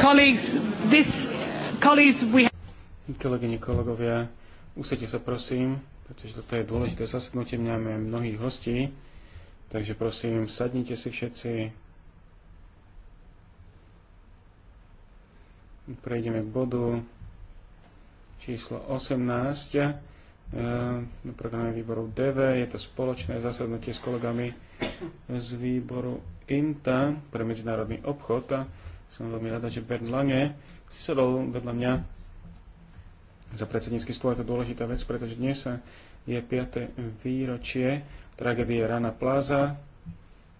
Colleagues, this, colleagues, we... Kolegyne, kolegovia, usadte sa prosím, pretože toto je dôležité zasadnutie, máme mnohých hostí, takže prosím, sadnite si všetci. Prejdeme k bodu číslo 18 eh, na programe výboru DV. Je to spoločné zasadnutie s kolegami z výboru INTA pre medzinárodný obchod a som veľmi rada, že Bernd Lange si sedol vedľa mňa za predsednícky stôl. Je to dôležitá vec, pretože dnes je 5. výročie tragédie Rana Plaza.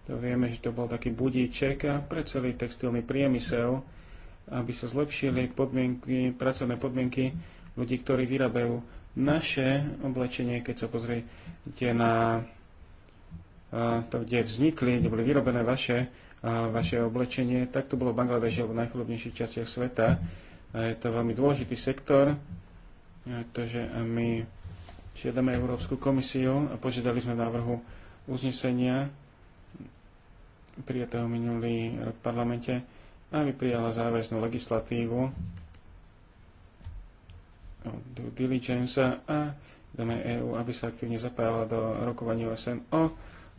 To vieme, že to bol taký budíček pre celý textilný priemysel, aby sa zlepšili podmienky, pracovné podmienky ľudí, ktorí vyrábajú naše oblečenie, keď sa pozriete na to, kde vznikli, kde boli vyrobené vaše, vaše oblečenie, tak to bolo v Bangladeši alebo v najchudobnejších častiach sveta. Je to veľmi dôležitý sektor, pretože my žiadame Európsku komisiu a požiadali sme návrhu uznesenia prijatého minulý rok v parlamente, aby prijala záväznú legislatívu due diligence a dáme EU, aby sa aktívne zapájala do rokovania OSN o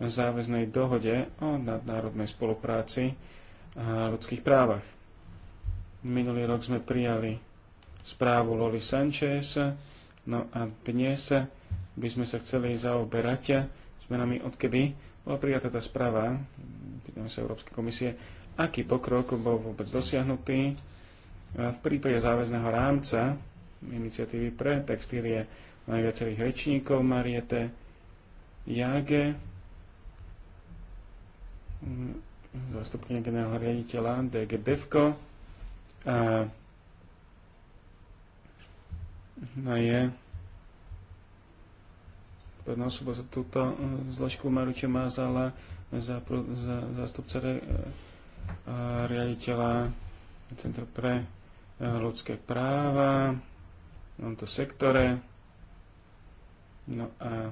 záväznej dohode o nadnárodnej spolupráci a ľudských právach. Minulý rok sme prijali správu Loli Sanchez, no a dnes by sme sa chceli zaoberať zmenami, odkedy bola prijatá tá správa, pýtame sa Európskej komisie, aký pokrok bol vôbec dosiahnutý v prípade záväzného rámca iniciatívy pre textílie viacerých rečníkov Mariete Jage, Mhm. zástupkynia generálneho riaditeľa DG Devko. A no je jedna osoba za túto eh, zložku Maruče Mazala za, za zástupca re, eh, a, riaditeľa Centra pre eh, ľudské práva v tomto sektore. No a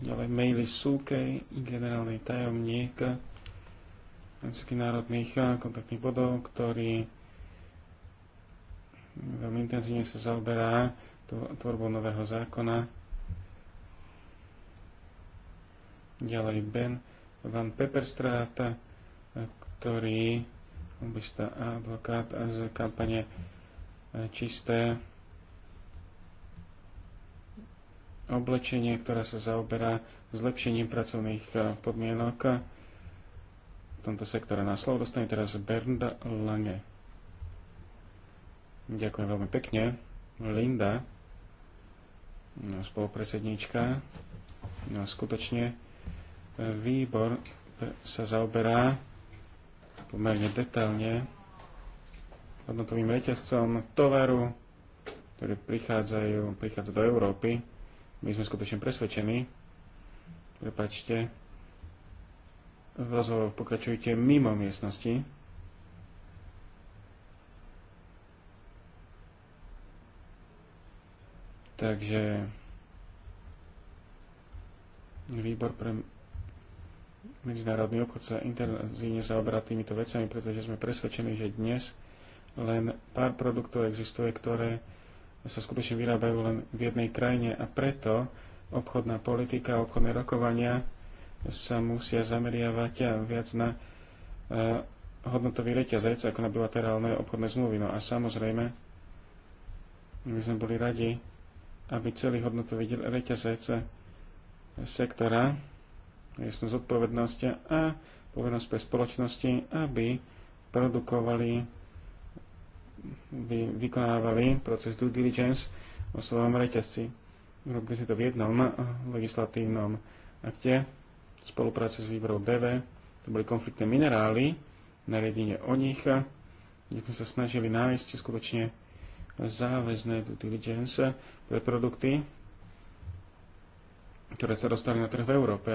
Ďalej maily Súkej, generálnej tajomník Slovenských národných kontaktných bodov, ktorý veľmi intenzívne sa zaoberá tvorbou nového zákona. Ďalej Ben Van Pepperstrát, ktorý lobbysta a advokát z kampane Čisté oblečenie, ktorá sa zaoberá zlepšením pracovných eh, podmienok v tomto sektore. Na slovo dostane teraz Bernda Lange. Ďakujem veľmi pekne. Linda, no, spolupredsedníčka, no skutočne eh, výbor sa zaoberá pomerne detailne hodnotovým reťazcom tovaru, ktorý prichádzajú, prichádza do Európy my sme skutočne presvedčení, prepačte, v rozhovoroch pokračujte mimo miestnosti. Takže výbor pre medzinárodný obchod sa intenzívne zaoberá týmito vecami, pretože sme presvedčení, že dnes len pár produktov existuje, ktoré sa skutočne vyrábajú len v jednej krajine a preto obchodná politika a obchodné rokovania sa musia zameriavať viac na eh, hodnotový reťazec ako na bilaterálne obchodné zmluvy. No a samozrejme, my sme boli radi, aby celý hodnotový reťazec sektora, jasnú zodpovednosť a povinnosť pre spoločnosti, aby produkovali by vykonávali proces due diligence o svojom reťazci. Robili si to v jednom eh, legislatívnom akte v spolupráci s výborou DV. To boli konfliktné minerály, riedine o nich, eh, kde sme sa snažili nájsť skutočne záväzné due diligence pre produkty, ktoré sa dostali na trh v Európe.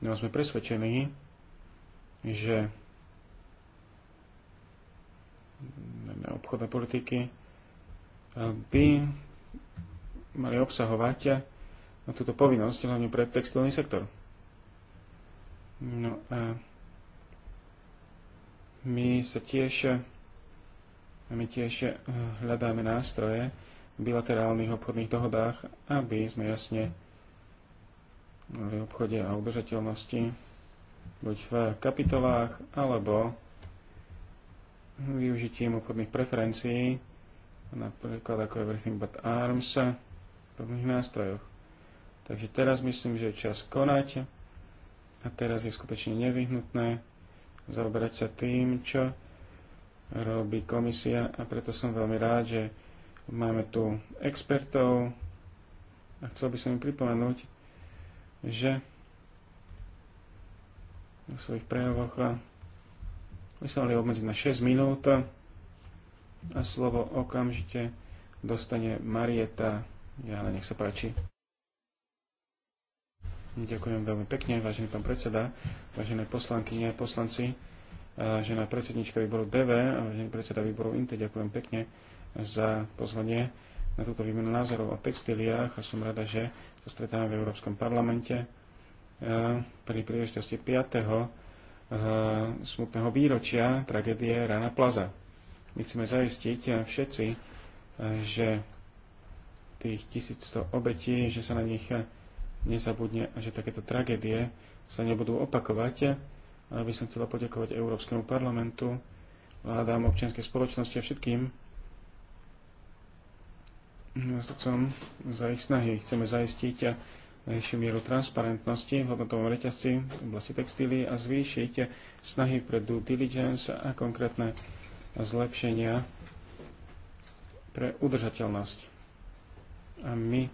No sme presvedčení, že obchodné politiky by mali obsahovať túto povinnosť, hlavne pre textilný sektor. No a my sa tiež my tiež e, hľadáme nástroje v bilaterálnych obchodných dohodách, aby sme jasne v obchode a udržateľnosti buď v kapitolách alebo využitím obchodných preferencií, napríklad ako Everything But Arms, rovných nástrojoch. Takže teraz myslím, že je čas konať a teraz je skutočne nevyhnutné zaoberať sa tým, čo robí komisia a preto som veľmi rád, že máme tu expertov a chcel by som im pripomenúť, že v svojich prejavoch my sa mali obmedziť na 6 minút a slovo okamžite dostane Marieta. Ja ale nech sa páči. Ďakujem veľmi pekne, vážený pán predseda, vážené poslanky, nie poslanci, vážená predsednička výboru DV a vážený predseda výboru INTE, ďakujem pekne za pozvanie na túto výmenu názorov o textíliách a som rada, že sa stretáme v Európskom parlamente pri príležitosti 5 Eh, smutného výročia tragédie Rana Plaza. My chceme zaistiť eh, všetci, eh, že tých 1100 obetí, že sa na nich nezabudne a že takéto tragédie sa nebudú opakovať. Ale by som chcela poďakovať Európskemu parlamentu, vládám občianskej spoločnosti a všetkým za ich snahy. Chceme zaistiť najvyššiu mieru transparentnosti v hodnotovom reťazci v oblasti textíly a zvýšiť snahy pre due diligence a konkrétne zlepšenia pre udržateľnosť. A my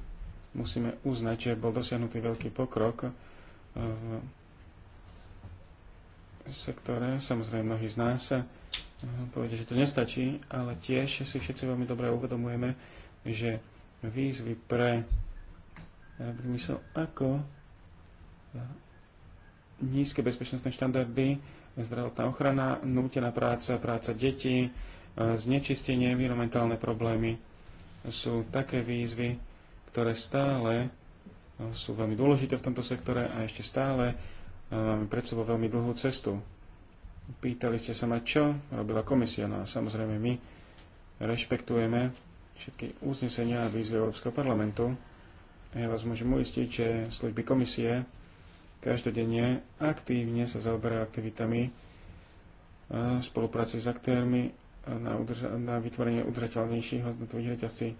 musíme uznať, že bol dosiahnutý veľký pokrok v sektore. Samozrejme, mnohí z nás povedia, že to nestačí, ale tiež si všetci veľmi dobre uvedomujeme, že výzvy pre myslel, ako e, nízke bezpečnostné štandardy, zdravotná ochrana, nútená práca, práca detí, e, znečistenie, environmentálne problémy sú také výzvy, ktoré stále e, sú veľmi dôležité v tomto sektore a ešte stále máme pred sebou veľmi dlhú cestu. Pýtali ste sa ma, čo robila komisia. No a samozrejme my rešpektujeme všetky uznesenia a výzvy Európskeho parlamentu. Ja vás môžem uistiť, že služby komisie každodenne aktívne sa zaoberajú aktivitami e, spolupráci s aktérmi na, na vytvorenie udržateľnejších hodnotových reťazcí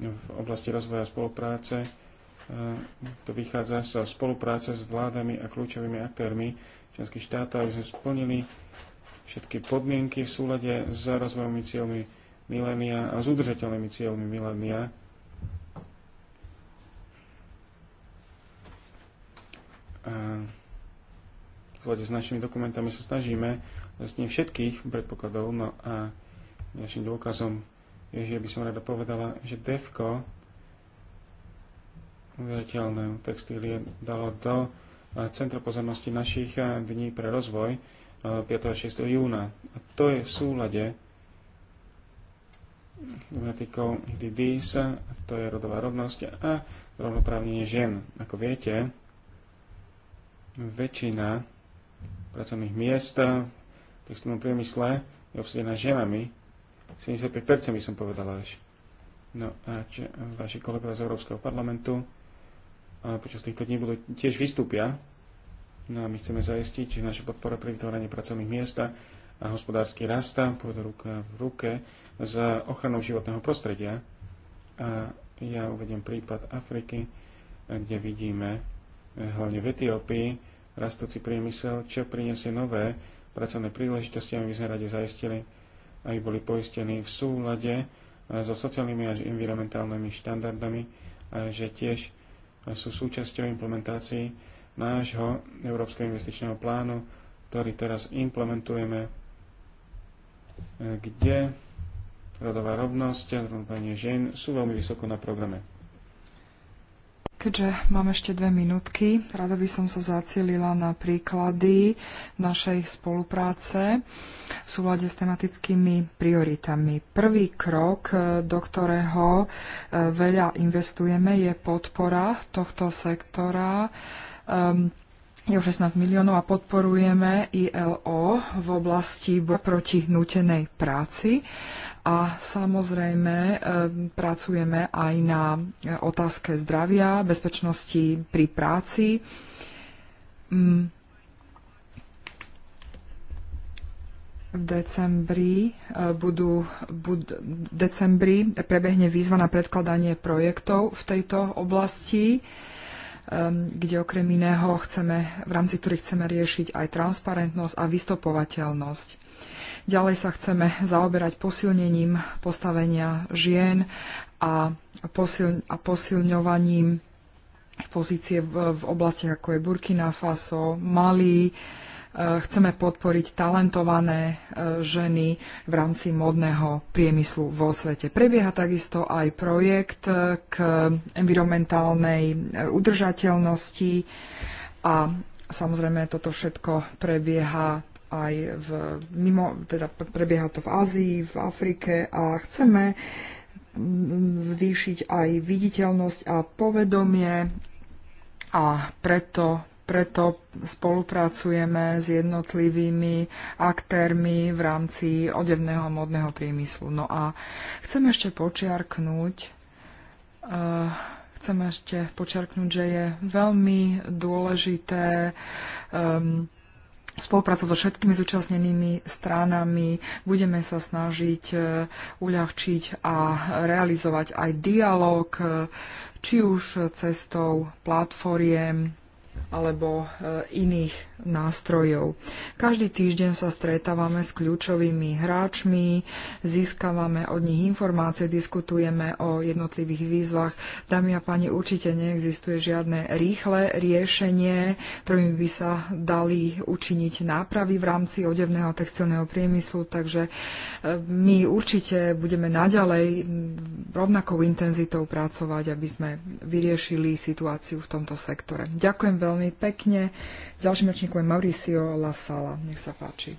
v oblasti rozvoja spolupráce. E, to vychádza sa spolupráce s vládami a kľúčovými aktérmi členských štátov, aby sme splnili všetky podmienky v súlade s rozvojovými cieľmi milénia a s udržateľnými cieľmi milénia v hľade s našimi dokumentami sa snažíme vlastne všetkých predpokladov. No a našim dôkazom je, že by som rada povedala, že DEFCO uveriteľné textílie dalo do centra pozornosti našich dní pre rozvoj 5. a 6. júna. A to je v súlade tematikou DDs, to je rodová rovnosť a rovnoprávnenie žien. Ako viete, väčšina pracovných miest v textilnom priemysle je obsadená ženami. 75% by som povedala až. No a či, vaši kolegovia z Európskeho parlamentu a počas týchto dní budú, tiež vystúpia. No a my chceme zaistiť, že naša podpora pri vytváraní pracovných miest a hospodársky rast pôjde ruka v ruke s ochranou životného prostredia. A ja uvediem prípad Afriky, kde vidíme hlavne v Etiópii, rastúci priemysel, čo priniesie nové pracovné príležitosti, aby sme rade zaistili, aby boli poistení v súlade eh, so sociálnymi a environmentálnymi štandardami, a že tiež sú súčasťou implementácií nášho Európskeho investičného plánu, ktorý teraz implementujeme, eh, kde rodová rovnosť a zrovnanie žien sú veľmi vysoko na programe. Keďže mám ešte dve minútky, rada by som sa zacielila na príklady našej spolupráce v súlade s tematickými prioritami. Prvý krok, e, do ktorého e, veľa investujeme, je podpora tohto sektora. Ehm, je o 16 miliónov a podporujeme ILO v oblasti proti nutenej práci. A samozrejme e, pracujeme aj na otázke zdravia, bezpečnosti pri práci. Mm. V decembri, e, budú, bud, v decembri prebehne výzva na predkladanie projektov v tejto oblasti, e, kde okrem iného chceme, v rámci ktorých chceme riešiť aj transparentnosť a vystopovateľnosť. Ďalej sa chceme zaoberať posilnením postavenia žien a, posil, a posilňovaním pozície v, v oblastiach ako je Burkina Faso, Mali. E, chceme podporiť talentované e, ženy v rámci modného priemyslu vo svete. Prebieha takisto aj projekt e, k environmentálnej udržateľnosti a samozrejme toto všetko prebieha aj v, mimo, teda prebieha to v Ázii, v Afrike a chceme mm, zvýšiť aj viditeľnosť a povedomie a preto preto spolupracujeme s jednotlivými aktérmi v rámci odevného modného priemyslu. No a chcem ešte počiarknúť, uh, chcem ešte počiarknúť, že je veľmi dôležité um, spolupracovať so všetkými zúčastnenými stranami. Budeme sa snažiť e, uľahčiť a realizovať aj dialog, e, či už cestou platformiem alebo e, iných nástrojov. Každý týždeň sa stretávame s kľúčovými hráčmi, získavame od nich informácie, diskutujeme o jednotlivých výzvach. Dámy a páni, určite neexistuje žiadne rýchle riešenie, ktorým by sa dali učiniť nápravy v rámci odevného textilného priemyslu, takže e, my určite budeme naďalej rovnakou intenzitou pracovať, aby sme vyriešili situáciu v tomto sektore. Ďakujem veľmi pekne. Ďalším ročníkom rečníkom Mauricio Lasala. Nech sa páči.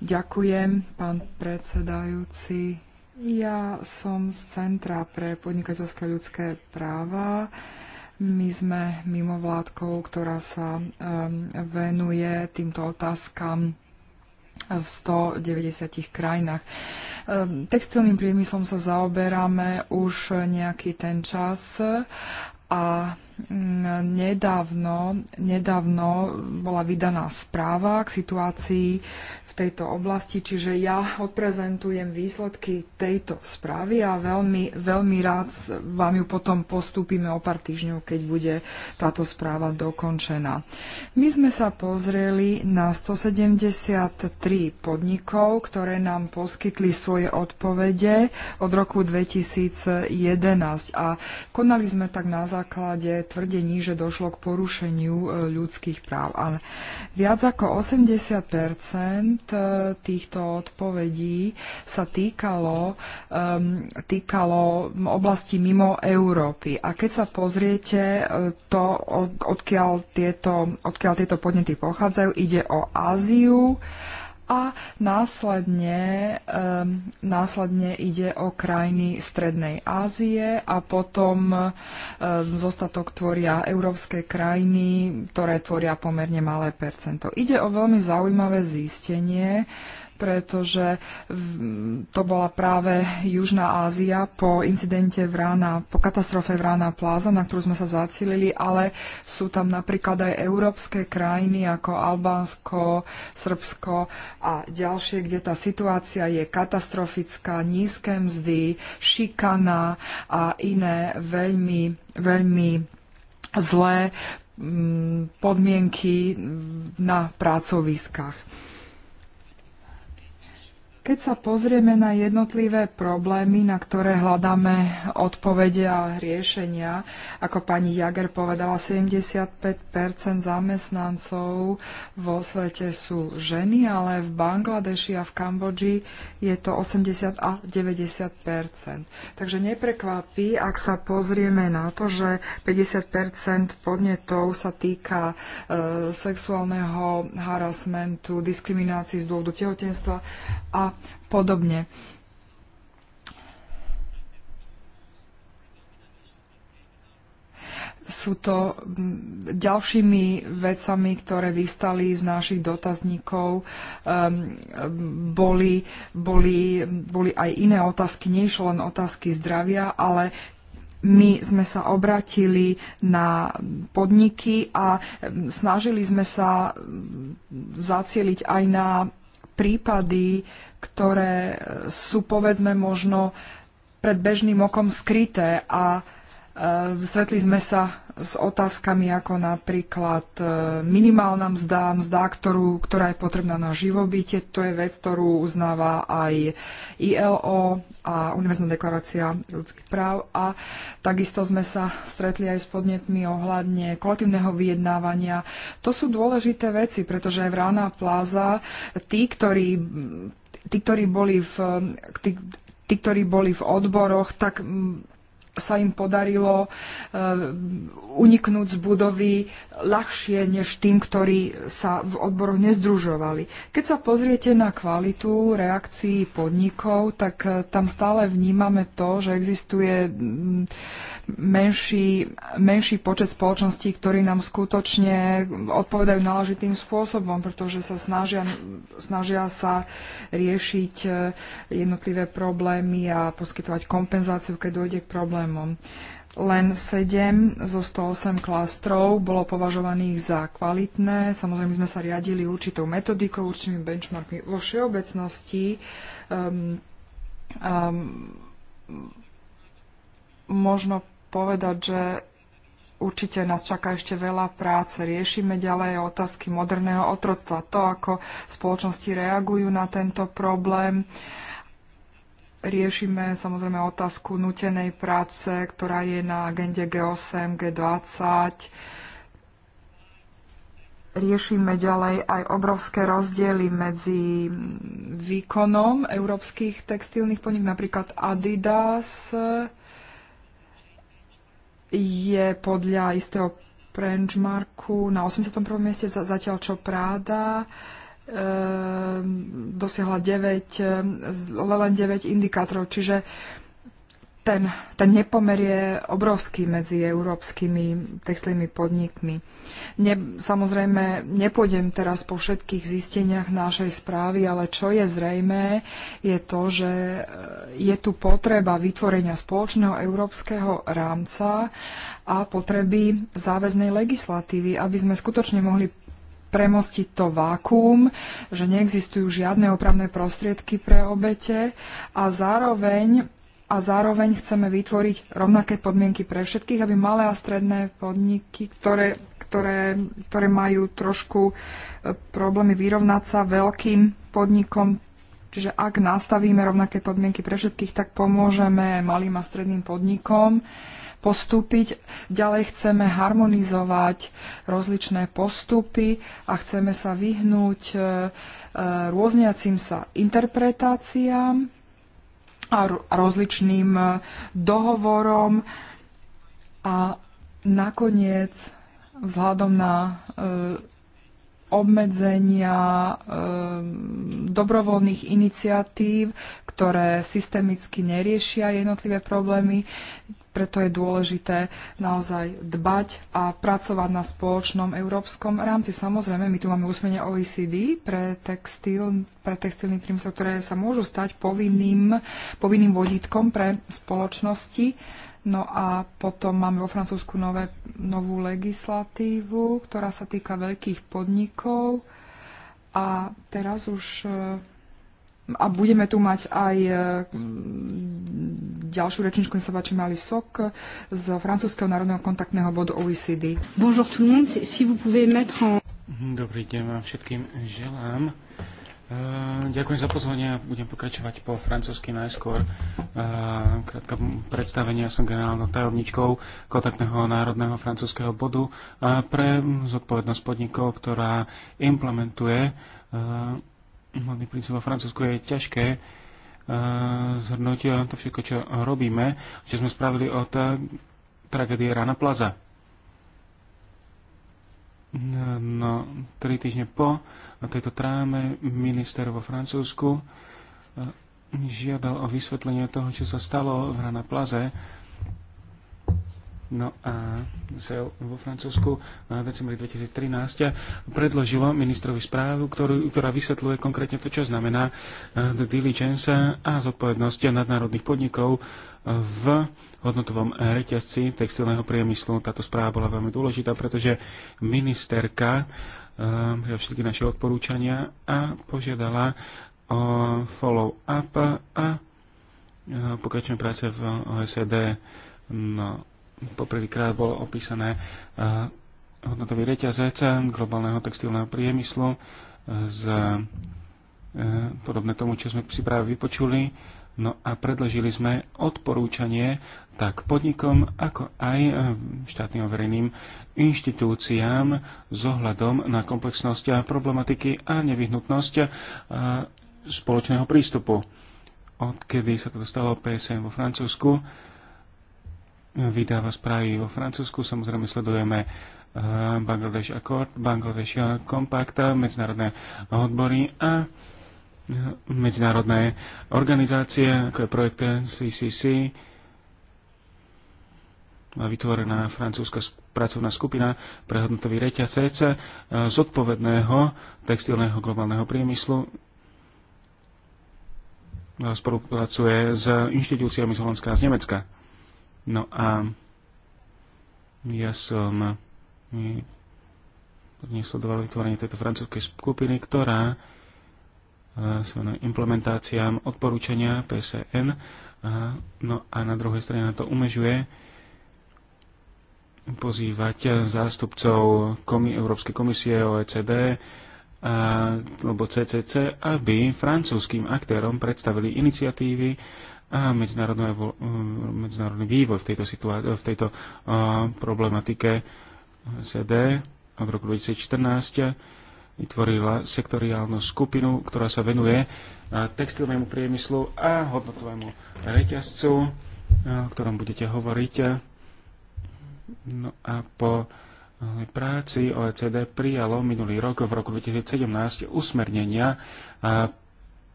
Ďakujem, pán predsedajúci. Ja som z Centra pre podnikateľské ľudské práva. My sme mimovládkou, ktorá sa um, venuje týmto otázkam v 190 krajinách. Um, textilným priemyslom sa zaoberáme už nejaký ten čas a nedávno, nedávno bola vydaná správa k situácii v tejto oblasti, čiže ja odprezentujem výsledky tejto správy a veľmi, veľmi rád vám ju potom postúpime o pár týždňov, keď bude táto správa dokončená. My sme sa pozreli na 173 podnikov, ktoré nám poskytli svoje odpovede od roku 2011 a konali sme tak na základe tvrdení, že došlo k porušeniu e, ľudských práv. Ale viac ako 80 e, týchto odpovedí sa týkalo, um, týkalo oblasti mimo Európy. A keď sa pozriete e, to, odkiaľ tieto, odkiaľ tieto podnety pochádzajú, ide o Áziu, a následne, um, následne ide o krajiny Strednej Ázie a potom um, zostatok tvoria európske krajiny, ktoré tvoria pomerne malé percento. Ide o veľmi zaujímavé zistenie, pretože to bola práve Južná Ázia po incidente v Rána, po katastrofe v Rána Plaza, na ktorú sme sa zacílili, ale sú tam napríklad aj európske krajiny ako Albánsko, Srbsko a ďalšie, kde tá situácia je katastrofická, nízke mzdy, šikana a iné veľmi, veľmi zlé mm, podmienky na pracoviskách. Keď sa pozrieme na jednotlivé problémy, na ktoré hľadáme odpovede a riešenia, ako pani Jager povedala, 75 zamestnancov vo svete sú ženy, ale v Bangladeši a v Kambodži je to 80 a 90 Takže neprekvapí, ak sa pozrieme na to, že 50 podnetov sa týka e, sexuálneho harasmentu, diskriminácií z dôvodu tehotenstva a podobne. sú to ďalšími vecami, ktoré vystali z našich dotazníkov. Um, boli, boli, boli aj iné otázky, nie išlo len otázky zdravia, ale my sme sa obratili na podniky a snažili sme sa zacieliť aj na prípady ktoré e, sú povedzme možno pred bežným okom skryté a e, Stretli sme sa s otázkami ako napríklad e, minimálna mzda, mzda, ktorú, ktorá je potrebná na živobytie. To je vec, ktorú uznáva aj ILO a Univerzná deklarácia ľudských práv. A takisto sme sa stretli aj s podnetmi ohľadne kolektívneho vyjednávania. To sú dôležité veci, pretože aj v Rána Plaza tí, ktorí tí, ktorí boli v, tí, tí, ktorí boli v odboroch, tak sa im podarilo e, uniknúť z budovy ľahšie než tým, ktorí sa v odboroch nezdružovali. Keď sa pozriete na kvalitu reakcií podnikov, tak e, tam stále vnímame to, že existuje menší, menší počet spoločností, ktorí nám skutočne odpovedajú náležitým spôsobom, pretože sa snažia, snažia sa riešiť e, jednotlivé problémy a poskytovať kompenzáciu, keď dojde k problému problémom. Len 7 zo 108 klastrov bolo považovaných za kvalitné. Samozrejme sme sa riadili určitou metodikou, určitými benchmarkmi vo všeobecnosti. Um, um, možno povedať, že určite nás čaká ešte veľa práce. Riešime ďalej otázky moderného otroctva, to, ako spoločnosti reagujú na tento problém riešime samozrejme otázku nutenej práce, ktorá je na agende G8, G20. Riešime ďalej aj obrovské rozdiely medzi výkonom európskych textilných podnik, napríklad Adidas je podľa istého benchmarku na 81. mieste, zatiaľ čo Prada Ehm, dosiahla 9, ehm, len 9 indikátorov, čiže ten, ten nepomer je obrovský medzi európskymi textilnými podnikmi. Ne, samozrejme, nepôjdem teraz po všetkých zisteniach našej správy, ale čo je zrejmé, je to, že e, je tu potreba vytvorenia spoločného európskeho rámca a potreby záväznej legislatívy, aby sme skutočne mohli premostiť to vákuum, že neexistujú žiadne opravné prostriedky pre obete a zároveň a zároveň chceme vytvoriť rovnaké podmienky pre všetkých, aby malé a stredné podniky, ktoré, ktoré, ktoré majú trošku e, problémy vyrovnať sa veľkým podnikom, čiže ak nastavíme rovnaké podmienky pre všetkých, tak pomôžeme malým a stredným podnikom. Uh, postúpiť. Ďalej chceme harmonizovať rozličné postupy a chceme sa vyhnúť e, e, rôzniacim sa interpretáciám a rozličným e, dohovorom a nakoniec vzhľadom na obmedzenia dobrovoľných iniciatív, ktoré systemicky neriešia jednotlivé problémy. Preto je dôležité naozaj dbať a pracovať na spoločnom európskom rámci. Samozrejme, my tu máme úsmenie OECD pre, textil, pre textilný priemysel, ktoré sa môžu stať povinným, povinným vodítkom pre spoločnosti. No a potom máme vo Francúzsku nové, novú legislatívu, ktorá sa týka veľkých podnikov. A teraz už a budeme tu mať aj e, ďalšiu rečničku, sa páči Mali Sok z francúzského národného kontaktného bodu OECD. Bonjour tout le monde, si vous pouvez mettre en... Dobrý deň vám všetkým želám. E, ďakujem za pozvanie a budem pokračovať po francúzsky najskôr. E, krátka predstavenia som generálnou tajomničkou kontaktného národného francúzského bodu pre zodpovednosť podnikov, ktorá implementuje hlavný princíp vo Francúzsku je ťažké eh, zhrnúť eh, to všetko, čo robíme, čo sme spravili od eh, tragédie Rana Plaza. No, tri týždne po tejto tráme minister vo Francúzsku žiadal o vysvetlenie toho, čo sa stalo v Rana Plaze No a sa vo Francúzsku v decembri 2013 predložilo ministrovi správu, ktorú, ktorá vysvetľuje konkrétne to, čo znamená the eh, diligence a zodpovednosť nadnárodných podnikov v hodnotovom reťazci textilného priemyslu. Táto správa bola veľmi dôležitá, pretože ministerka uh, všetky naše odporúčania a požiadala o follow-up a eh, pokračujeme práce v OSD. No, poprvýkrát bolo opísané eh, hodnotový reťazec globálneho textilného priemyslu eh, z eh, podobné tomu, čo sme si práve vypočuli. No a predložili sme odporúčanie tak podnikom, ako aj štátnym a verejným inštitúciám s ohľadom na komplexnosť a problematiky a nevyhnutnosť spoločného prístupu. Odkedy sa to dostalo PSM vo Francúzsku, vydáva správy vo Francúzsku. Samozrejme sledujeme Bangladesh Accord, Bangladesh Compact, eh, medzinárodné odbory a eh, medzinárodné organizácie, ako je projekt CCC, eh, vytvorená francúzska pracovná skupina pre hodnotový reťazec zodpovedného textilného globálneho priemyslu spolupracuje s inštitúciami z Holandska a z Nemecka. No a ja som nesledoval vytvorenie tejto francúzskej skupiny, ktorá e, sa implementáciám odporúčania PSN. no a na druhej strane na to umežuje pozývať zástupcov komi- Európskej komisie OECD a, alebo CCC, aby francúzským aktérom predstavili iniciatívy a e, medzinárodný vývoj v tejto, e, v tejto e, problematike CD od roku 2014 vytvorila sektoriálnu skupinu, ktorá sa venuje textilnému priemyslu a hodnotovému reťazcu, o ktorom budete hovoriť. No a po práci OECD prijalo minulý rok v roku 2017 usmernenia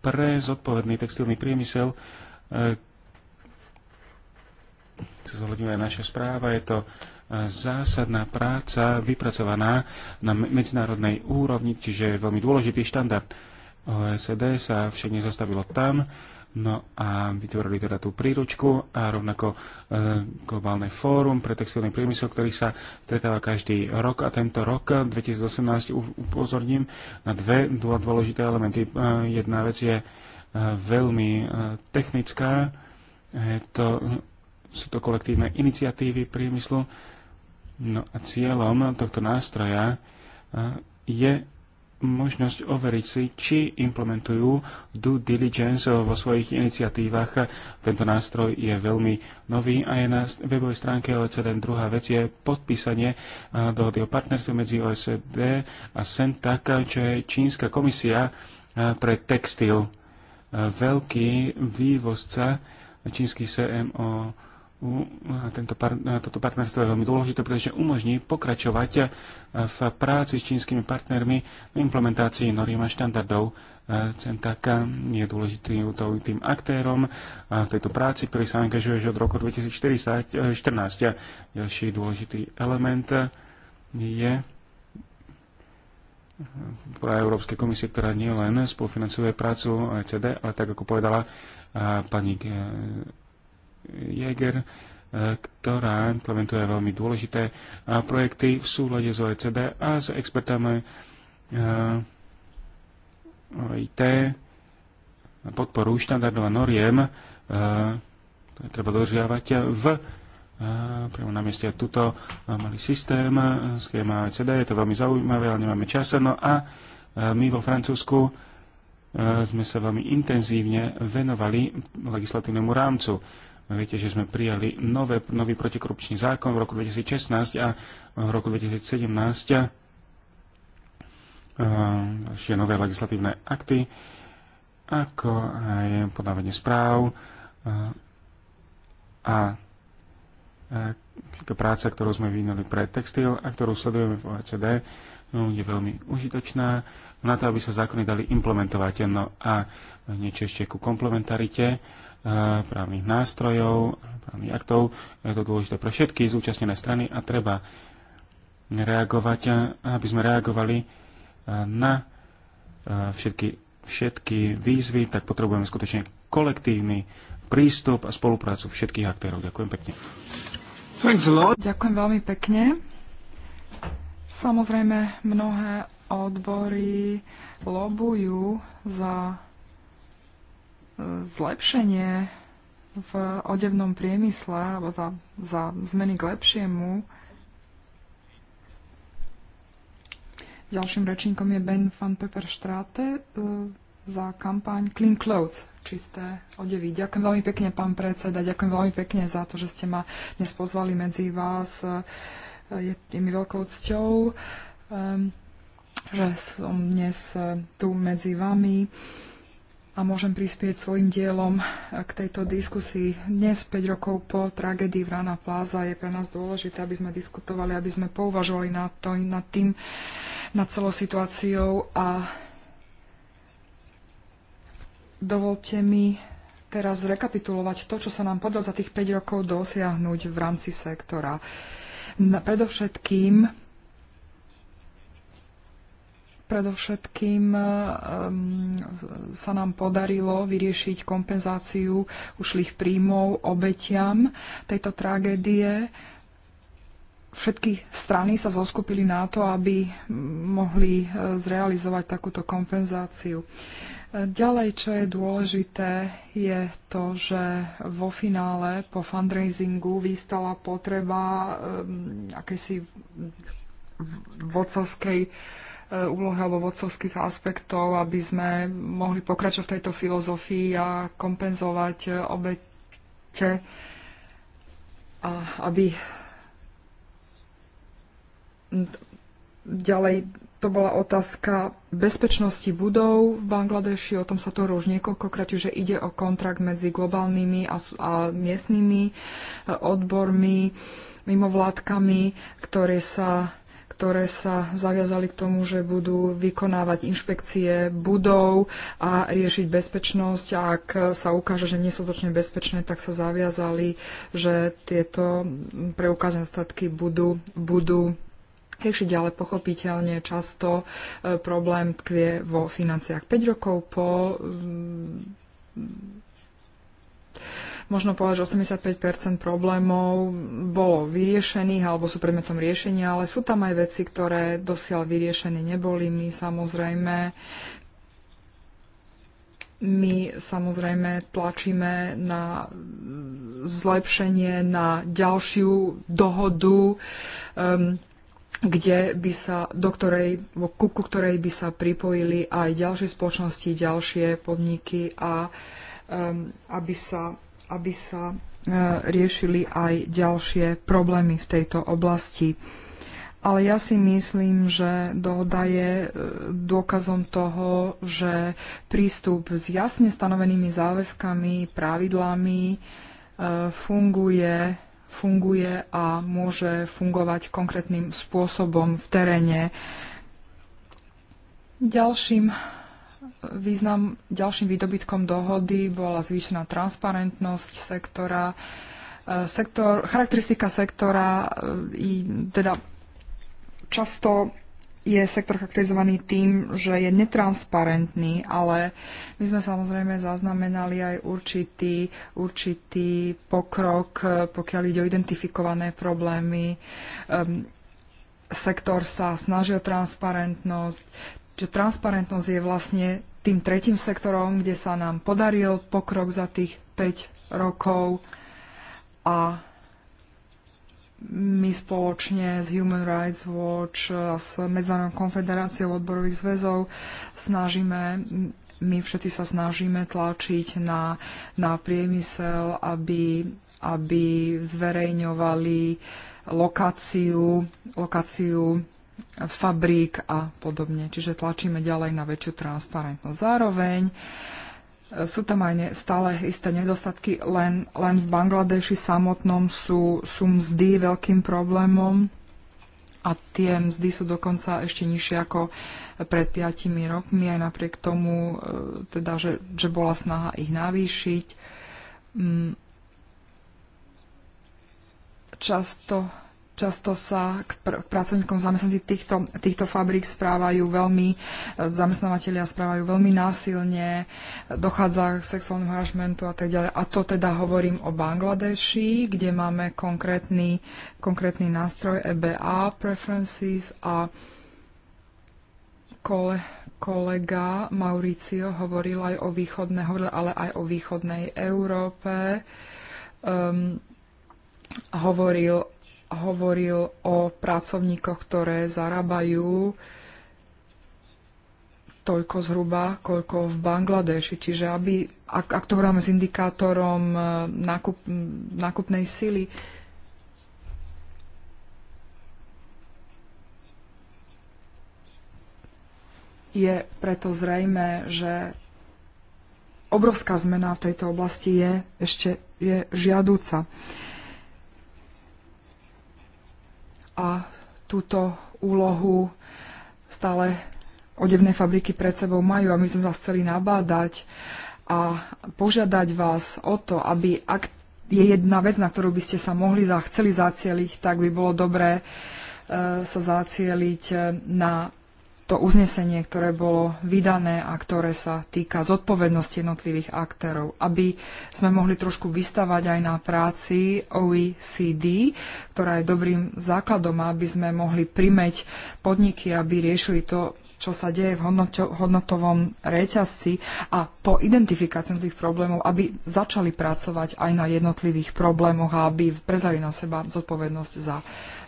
pre zodpovedný textilný priemysel E, to zohľadňuje naša správa, je to e, zásadná práca vypracovaná na medzinárodnej úrovni, čiže je veľmi dôležitý štandard. OSD e sa však nezastavilo tam, no a vytvorili teda tú príručku a rovnako e, globálne fórum pre textilný priemysel, ktorý sa stretáva každý rok a tento rok 2018 upozorním na dve dôležité elementy. E, jedna vec je e, veľmi e, technická. Je to, sú to kolektívne iniciatívy priemyslu. No a cieľom tohto nástroja e, je možnosť overiť si, či implementujú due diligence vo svojich iniciatívach. Tento nástroj je veľmi nový a je na webovej stránke OECD. Druhá vec je podpísanie e, dohody o partnerstve medzi OECD a tak, čo je Čínska komisia pre textil veľký vývozca čínsky CMO a tento par, toto partnerstvo je veľmi dôležité, pretože umožní pokračovať v práci s čínskymi partnermi na implementácii noriem a štandardov. Centaka je dôležitým tým aktérom v tejto práci, ktorý sa angažuje už od roku 2014. Ďalší dôležitý element je pre Európskej komisie, ktorá nie len spolufinancuje prácu OECD, ale tak ako povedala pani e, Jäger, e, ktorá implementuje veľmi dôležité projekty v súlade s OECD a s expertami e, IT podporu štandardov a noriem, ktoré treba dožiavať, v priamo na mieste tuto malý systém, schéma CD, je to veľmi zaujímavé, ale nemáme čas. No a my vo Francúzsku sme sa veľmi intenzívne venovali legislatívnemu rámcu. Viete, že sme prijali nové, nový protikorupčný zákon v roku 2016 a v roku 2017 ešte nové legislatívne akty, ako aj podávanie správ a práca, ktorú sme vynali pre textil a ktorú sledujeme v OECD, no, je veľmi užitočná na to, aby sa zákony dali implementovať. No a niečo ešte ku komplementarite eh, právnych nástrojov, právnych aktov. Je to dôležité pre všetky zúčastnené strany a treba reagovať, eh, aby sme reagovali eh, na všetky, všetky výzvy, tak potrebujeme skutočne kolektívny prístup a spoluprácu všetkých aktérov. Ďakujem pekne. Ďakujem veľmi pekne. Samozrejme, mnohé odbory lobujú za e, zlepšenie v odevnom priemysle, alebo za, za zmeny k lepšiemu. Ďalším rečníkom je Ben van Pepperstrate. E, za kampaň Clean Clothes, čisté odevy. Ďakujem veľmi pekne, pán predseda, ďakujem veľmi pekne za to, že ste ma dnes pozvali medzi vás. Eh, je, je mi veľkou cťou, ehm, že som dnes eh, tu medzi vami a môžem prispieť svojim dielom eh, k tejto diskusii. Dnes, 5 rokov po tragédii v Rana Plaza, je pre nás dôležité, aby sme diskutovali, aby sme pouvažovali nad, to, nad tým, nad celou situáciou a Dovolte mi teraz rekapitulovať to, čo sa nám podľa za tých 5 rokov dosiahnuť v rámci sektora. Predovšetkým predovšetkým ehm, sa nám podarilo vyriešiť kompenzáciu ušlých príjmov obetiam tejto tragédie všetky strany sa zoskupili na to, aby mohli e, zrealizovať takúto kompenzáciu. E, ďalej, čo je dôležité, je to, že vo finále po fundraisingu vystala potreba um, akési vodcovskej úlohy alebo vodcovských aspektov, aby sme mohli pokračovať v tejto filozofii a kompenzovať obete a aby Ďalej to bola otázka bezpečnosti budov v Bangladeši, o tom sa to už niekoľkokrát, čiže ide o kontrakt medzi globálnymi a, a miestnymi e, odbormi, mimovládkami, ktoré sa, ktoré sa zaviazali k tomu, že budú vykonávať inšpekcie budov a riešiť bezpečnosť. A ak sa ukáže, že nie sú točne bezpečné, tak sa zaviazali, že tieto preukázané statky budú, budú riešiť, ale pochopiteľne často e, problém tkvie vo financiách 5 rokov po mm, možno povedať, že 85% problémov bolo vyriešených alebo sú predmetom riešenia, ale sú tam aj veci, ktoré dosiaľ vyriešené neboli. My samozrejme my samozrejme tlačíme na zlepšenie, na ďalšiu dohodu. Um, kde by sa, do ktorej, ku, ku ktorej by sa pripojili aj ďalšie spoločnosti, ďalšie podniky a um, aby sa, aby sa uh, riešili aj ďalšie problémy v tejto oblasti. Ale ja si myslím, že dohoda je uh, dôkazom toho, že prístup s jasne stanovenými záväzkami, pravidlami uh, funguje funguje a môže fungovať konkrétnym spôsobom v teréne. Ďalším význam, ďalším výdobytkom dohody bola zvýšená transparentnosť sektora. E, sektor, charakteristika sektora, e, teda často je sektor charakterizovaný tým, že je netransparentný, ale my sme samozrejme zaznamenali aj určitý, určitý pokrok, eh, pokiaľ ide o identifikované problémy. Um, sektor sa snaží o transparentnosť, že transparentnosť je vlastne tým tretím sektorom, kde sa nám podaril pokrok za tých 5 rokov a my spoločne s Human Rights Watch a s Medzinárodnou konfederáciou odborových zväzov snažíme my všetci sa snažíme tlačiť na, na priemysel, aby, aby zverejňovali lokáciu, lokáciu fabrík a podobne. Čiže tlačíme ďalej na väčšiu transparentnosť. Zároveň sú tam aj ne, stále isté nedostatky, len, len v Bangladeši samotnom sú, sú mzdy veľkým problémom a tie mzdy sú dokonca ešte nižšie ako pred piatimi rokmi, aj napriek tomu, e, teda, že, že bola snaha ich navýšiť. Mm. Často Často sa k, pr- pracovníkom zamestnaní týchto, týchto fabrík správajú veľmi, e, zamestnávateľia správajú veľmi násilne, e, dochádza k sexuálnemu harassmentu a tak ďalej. A to teda hovorím o Bangladeši, kde máme konkrétny, konkrétny nástroj EBA preferences a kole, kolega Mauricio hovoril aj o východnej, hovoril ale aj o východnej Európe. Um, hovoril hovoril o pracovníkoch, ktoré zarábajú toľko zhruba, koľko v Bangladeši. Čiže aby, ak, ak to hovoríme s indikátorom e, nákup, nákupnej sily, je preto zrejme, že obrovská zmena v tejto oblasti je ešte je žiadúca. Uh, a túto úlohu stále odevné fabriky pred sebou majú a my sme vás chceli nabádať a požiadať vás o to, aby ak je jedna vec, na ktorú by ste sa mohli a chceli zacieliť, tak by bolo dobré e, sa zacieliť e, na to uznesenie, ktoré bolo vydané a ktoré sa týka zodpovednosti jednotlivých aktérov, aby sme mohli trošku vystavať aj na práci OECD, ktorá je dobrým základom, aby sme mohli primeť podniky, aby riešili to, čo sa deje v hodnotovom reťazci a po identifikácii tých problémov, aby začali pracovať aj na jednotlivých problémoch a aby prezali na seba zodpovednosť za,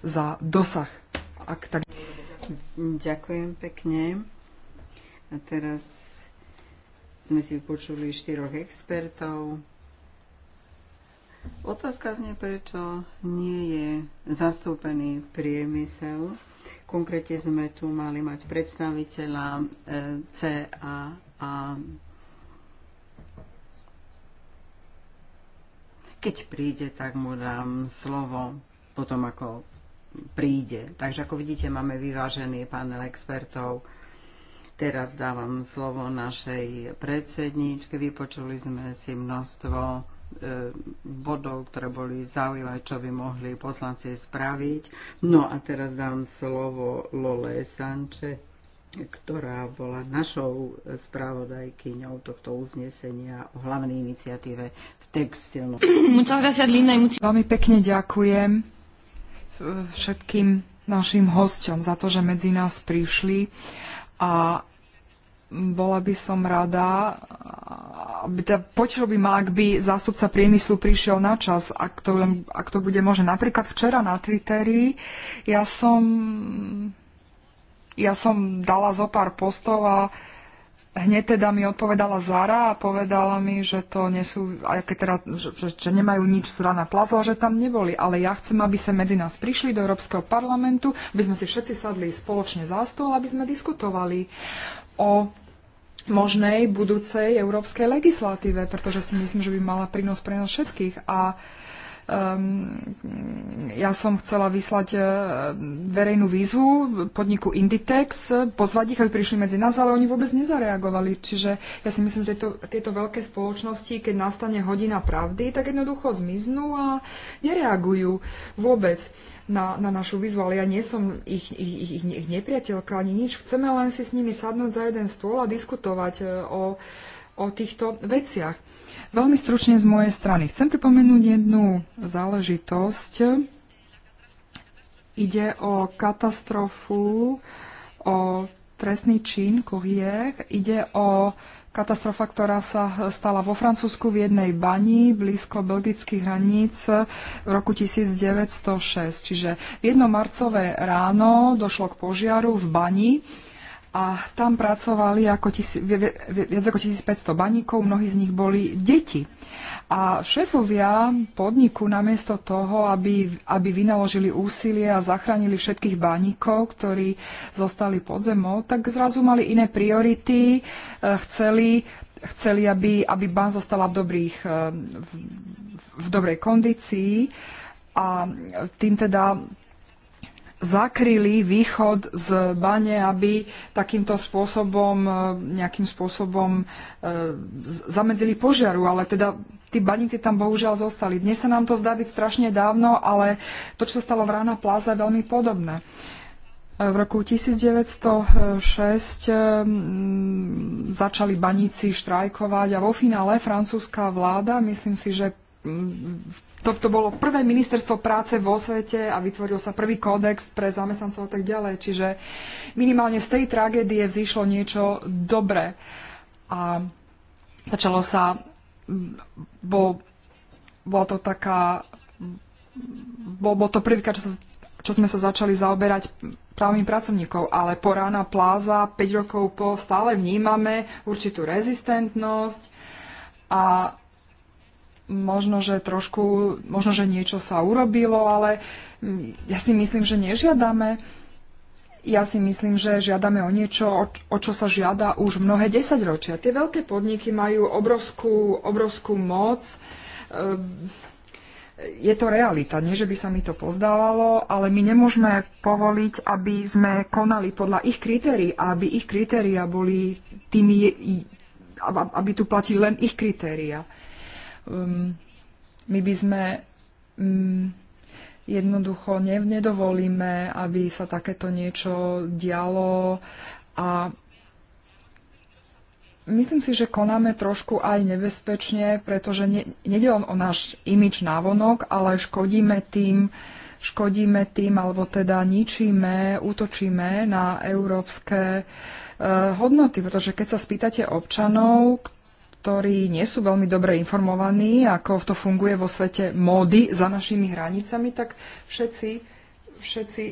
za dosah. Ak tak... Ďakujem pekne. A teraz sme si vypočuli štyroch expertov. Otázka znie, prečo nie je zastúpený priemysel. Konkrétne sme tu mali mať predstaviteľa e, a Keď príde, tak mu dám slovo potom, ako príde. Takže ako vidíte, máme vyvážený panel expertov. Teraz dávam slovo našej predsedničke. Vypočuli sme si množstvo e, bodov, ktoré boli zaujímavé, čo by mohli poslanci spraviť. No a teraz dám slovo Lole Sanče, ktorá bola našou správodajkyňou tohto uznesenia o hlavnej iniciatíve v textilnom. Veľmi pekne ďakujem všetkým našim hosťom za to, že medzi nás prišli a bola by som rada, aby ta, potešil by ma, ak by zástupca priemyslu prišiel na čas, ak to, ak to bude možné. Napríklad včera na Twitteri ja som, ja som dala zo pár postov a uh, hneď teda mi odpovedala Zara a povedala mi, že to nesú, teda, že, že, že nemajú nič z Rana Plaza, že tam neboli. Ale ja chcem, aby sa medzi nás prišli do Európskeho parlamentu, aby sme si všetci sadli spoločne za stôl, aby sme diskutovali o možnej budúcej európskej legislatíve, pretože si myslím, že by mala prínos pre nás všetkých. A uh, Ehm, ja som chcela vyslať e, verejnú výzvu podniku Inditex, e, pozvať ich, aby prišli medzi nás, ale oni vôbec nezareagovali. Čiže ja si myslím, že tieto, tieto veľké spoločnosti, keď nastane hodina pravdy, tak jednoducho zmiznú a nereagujú vôbec na, na našu výzvu, ale ja nie som ich, ich, ich, ich, ich nepriateľka ani nič. Chceme len si s nimi sadnúť za jeden stôl a diskutovať e, o, o týchto veciach Veľmi stručne z mojej strany. Chcem pripomenúť jednu záležitosť. Ide o katastrofu, o trestný čin Kohiech. Ide o katastrofa, ktorá sa stala vo Francúzsku v jednej bani blízko belgických hraníc v roku 1906. Čiže jedno marcové ráno došlo k požiaru v bani a tam pracovali ako tis, viac ako 1500 baníkov, mnohí z nich boli deti. A šéfovia podniku namiesto toho, aby, aby vynaložili úsilie a zachránili všetkých baníkov, ktorí zostali pod zemou, tak zrazu mali iné priority, e, chceli, chceli aby, aby bán zostala v, dobrých, e, v, v dobrej kondícii a tým teda zakryli východ z bane, aby takýmto spôsobom, e, nejakým spôsobom e, zamedzili požiaru, ale teda tí baníci tam bohužiaľ zostali. Dnes sa nám to zdá byť strašne dávno, ale to, čo sa stalo v Rána pláza, je veľmi podobné. E, v roku 1906 začali baníci štrajkovať a vo finále francúzska vláda, myslím si, že to, to bolo prvé ministerstvo práce vo svete a vytvoril sa prvý kódex pre zamestnancov a tak ďalej. Čiže minimálne z tej tragédie vzýšlo niečo dobré. A začalo sa, bo, bolo to taká, bo, bol to prvýkrát, čo, čo sme sa začali zaoberať právnym pracovníkov, ale po rána pláza 5 rokov po stále vnímame určitú rezistentnosť a možno, že trošku, možno, že niečo sa urobilo, ale ja si myslím, že nežiadame. Ja si myslím, že žiadame o niečo, o, čo sa žiada už mnohé desaťročia. Tie veľké podniky majú obrovskú, obrovskú moc. Ehm, je to realita, nie že by sa mi to pozdávalo, ale my nemôžeme povoliť, aby sme konali podľa ich kritérií a aby ich kritéria boli tými, aby tu platili len ich kritéria. Um, my by sme um, jednoducho ne, nedovolíme, aby sa takéto niečo dialo a Myslím si, že konáme trošku aj nebezpečne, pretože nejde nede len o náš imič návonok, ale škodíme tým, škodíme tým, alebo teda ničíme, útočíme na európske e, hodnoty. Pretože keď sa spýtate občanov, ktorí nie sú veľmi dobre informovaní, ako to funguje vo svete módy za našimi hranicami, tak všetci, všetci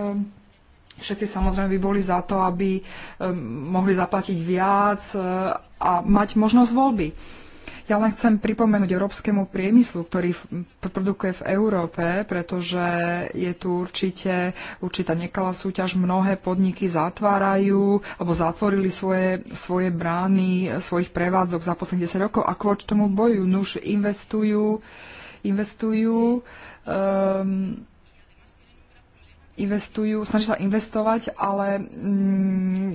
um, Všetci samozrejme by boli za to, aby um, mohli zaplatiť viac uh, a mať možnosť voľby. Ja len chcem pripomenúť európskemu priemyslu, ktorý produkuje v Európe, pretože je tu určite určitá nekalá súťaž. Mnohé podniky zatvárajú alebo zatvorili svoje, svoje brány svojich prevádzok za posledných 10 rokov a kvôli tomu bojujú. Nuž investujú, investujú um, investujú, snažia sa investovať, ale mm,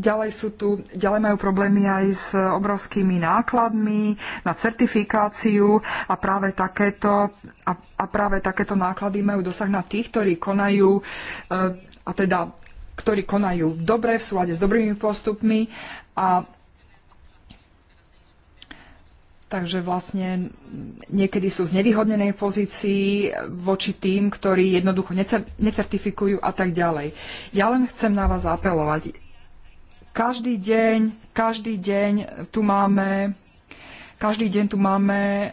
ďalej sú tu, ďalej majú problémy aj s obrovskými nákladmi na certifikáciu a práve takéto, a, a práve takéto náklady majú dosah na tých, ktorí konajú e, a teda ktorí konajú dobre v súlade s dobrými postupmi a Takže vlastne niekedy sú v znevýhodnenej pozícii voči tým, ktorí jednoducho necertifikujú a tak ďalej. Ja len chcem na vás apelovať. Každý deň, každý deň tu máme každý deň tu máme e,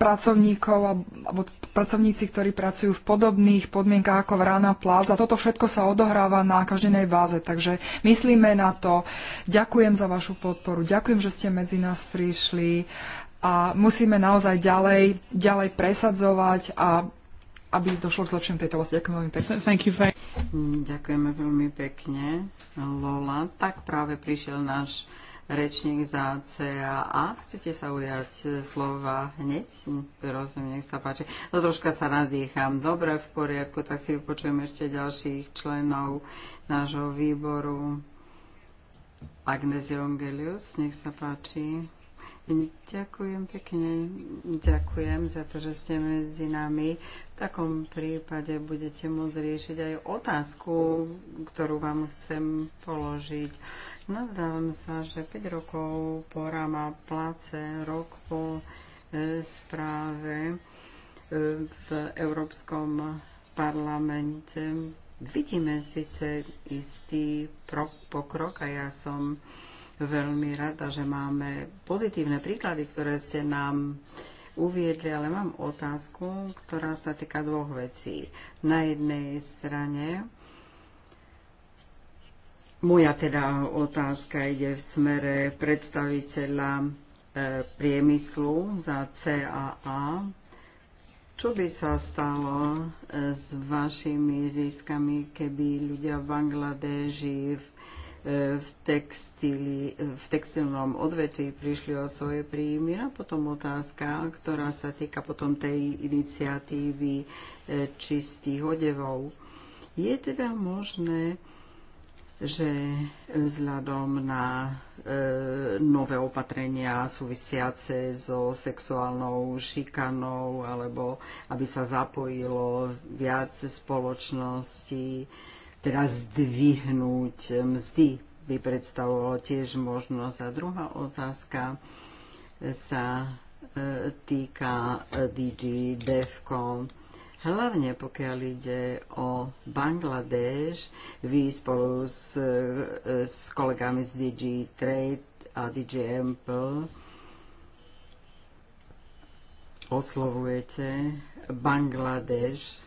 pracovníkov alebo pracovníci, ktorí pracujú v podobných podmienkách ako v Rána Plaza. Toto všetko sa odohráva na každenej báze, takže myslíme na to. Ďakujem za vašu podporu, ďakujem, že ste medzi nás prišli a musíme naozaj ďalej, ďalej presadzovať a aby došlo k zlepšeniu tejto vlasti. Ďakujem veľmi pekne. Thank you very... Mm, ďakujeme veľmi pekne, Lola. Tak práve prišiel náš rečník za CAA. Chcete sa ujať slova hneď? Prosím, nech sa páči. No troška sa nadýcham. Dobre, v poriadku, tak si vypočujem ešte ďalších členov nášho výboru. Agnes Jongelius, nech sa páči. Ďakujem pekne. Ďakujem za to, že ste medzi nami. V takom prípade budete môcť riešiť aj otázku, ktorú vám chcem položiť. Nazdávam sa, že 5 rokov po Rama Place, rok po e, správe e, v Európskom parlamente vidíme síce istý pokrok a ja som veľmi rada, že máme pozitívne príklady, ktoré ste nám uviedli, ale mám otázku, ktorá sa týka dvoch vecí. Na jednej strane moja teda otázka ide v smere predstaviteľa e, priemyslu za CAA. Čo by sa stalo e, s vašimi získami, keby ľudia v Bangladeži, v E, v, textili, e, v textilnom odvetvi prišli o svoje príjmy a potom otázka, ktorá sa týka potom tej iniciatívy e, čistých odevov. Je teda možné, že vzhľadom na e, nové opatrenia súvisiace so sexuálnou šikanou alebo aby sa zapojilo viac spoločností, e, teraz zdvihnúť mzdy by predstavovalo tiež možnosť. A druhá otázka sa e, týka e, DG DEFCON. Hlavne pokiaľ ide o Bangladeš, vy spolu s, e, s kolegami z DG Trade a DG Ample oslovujete Bangladeš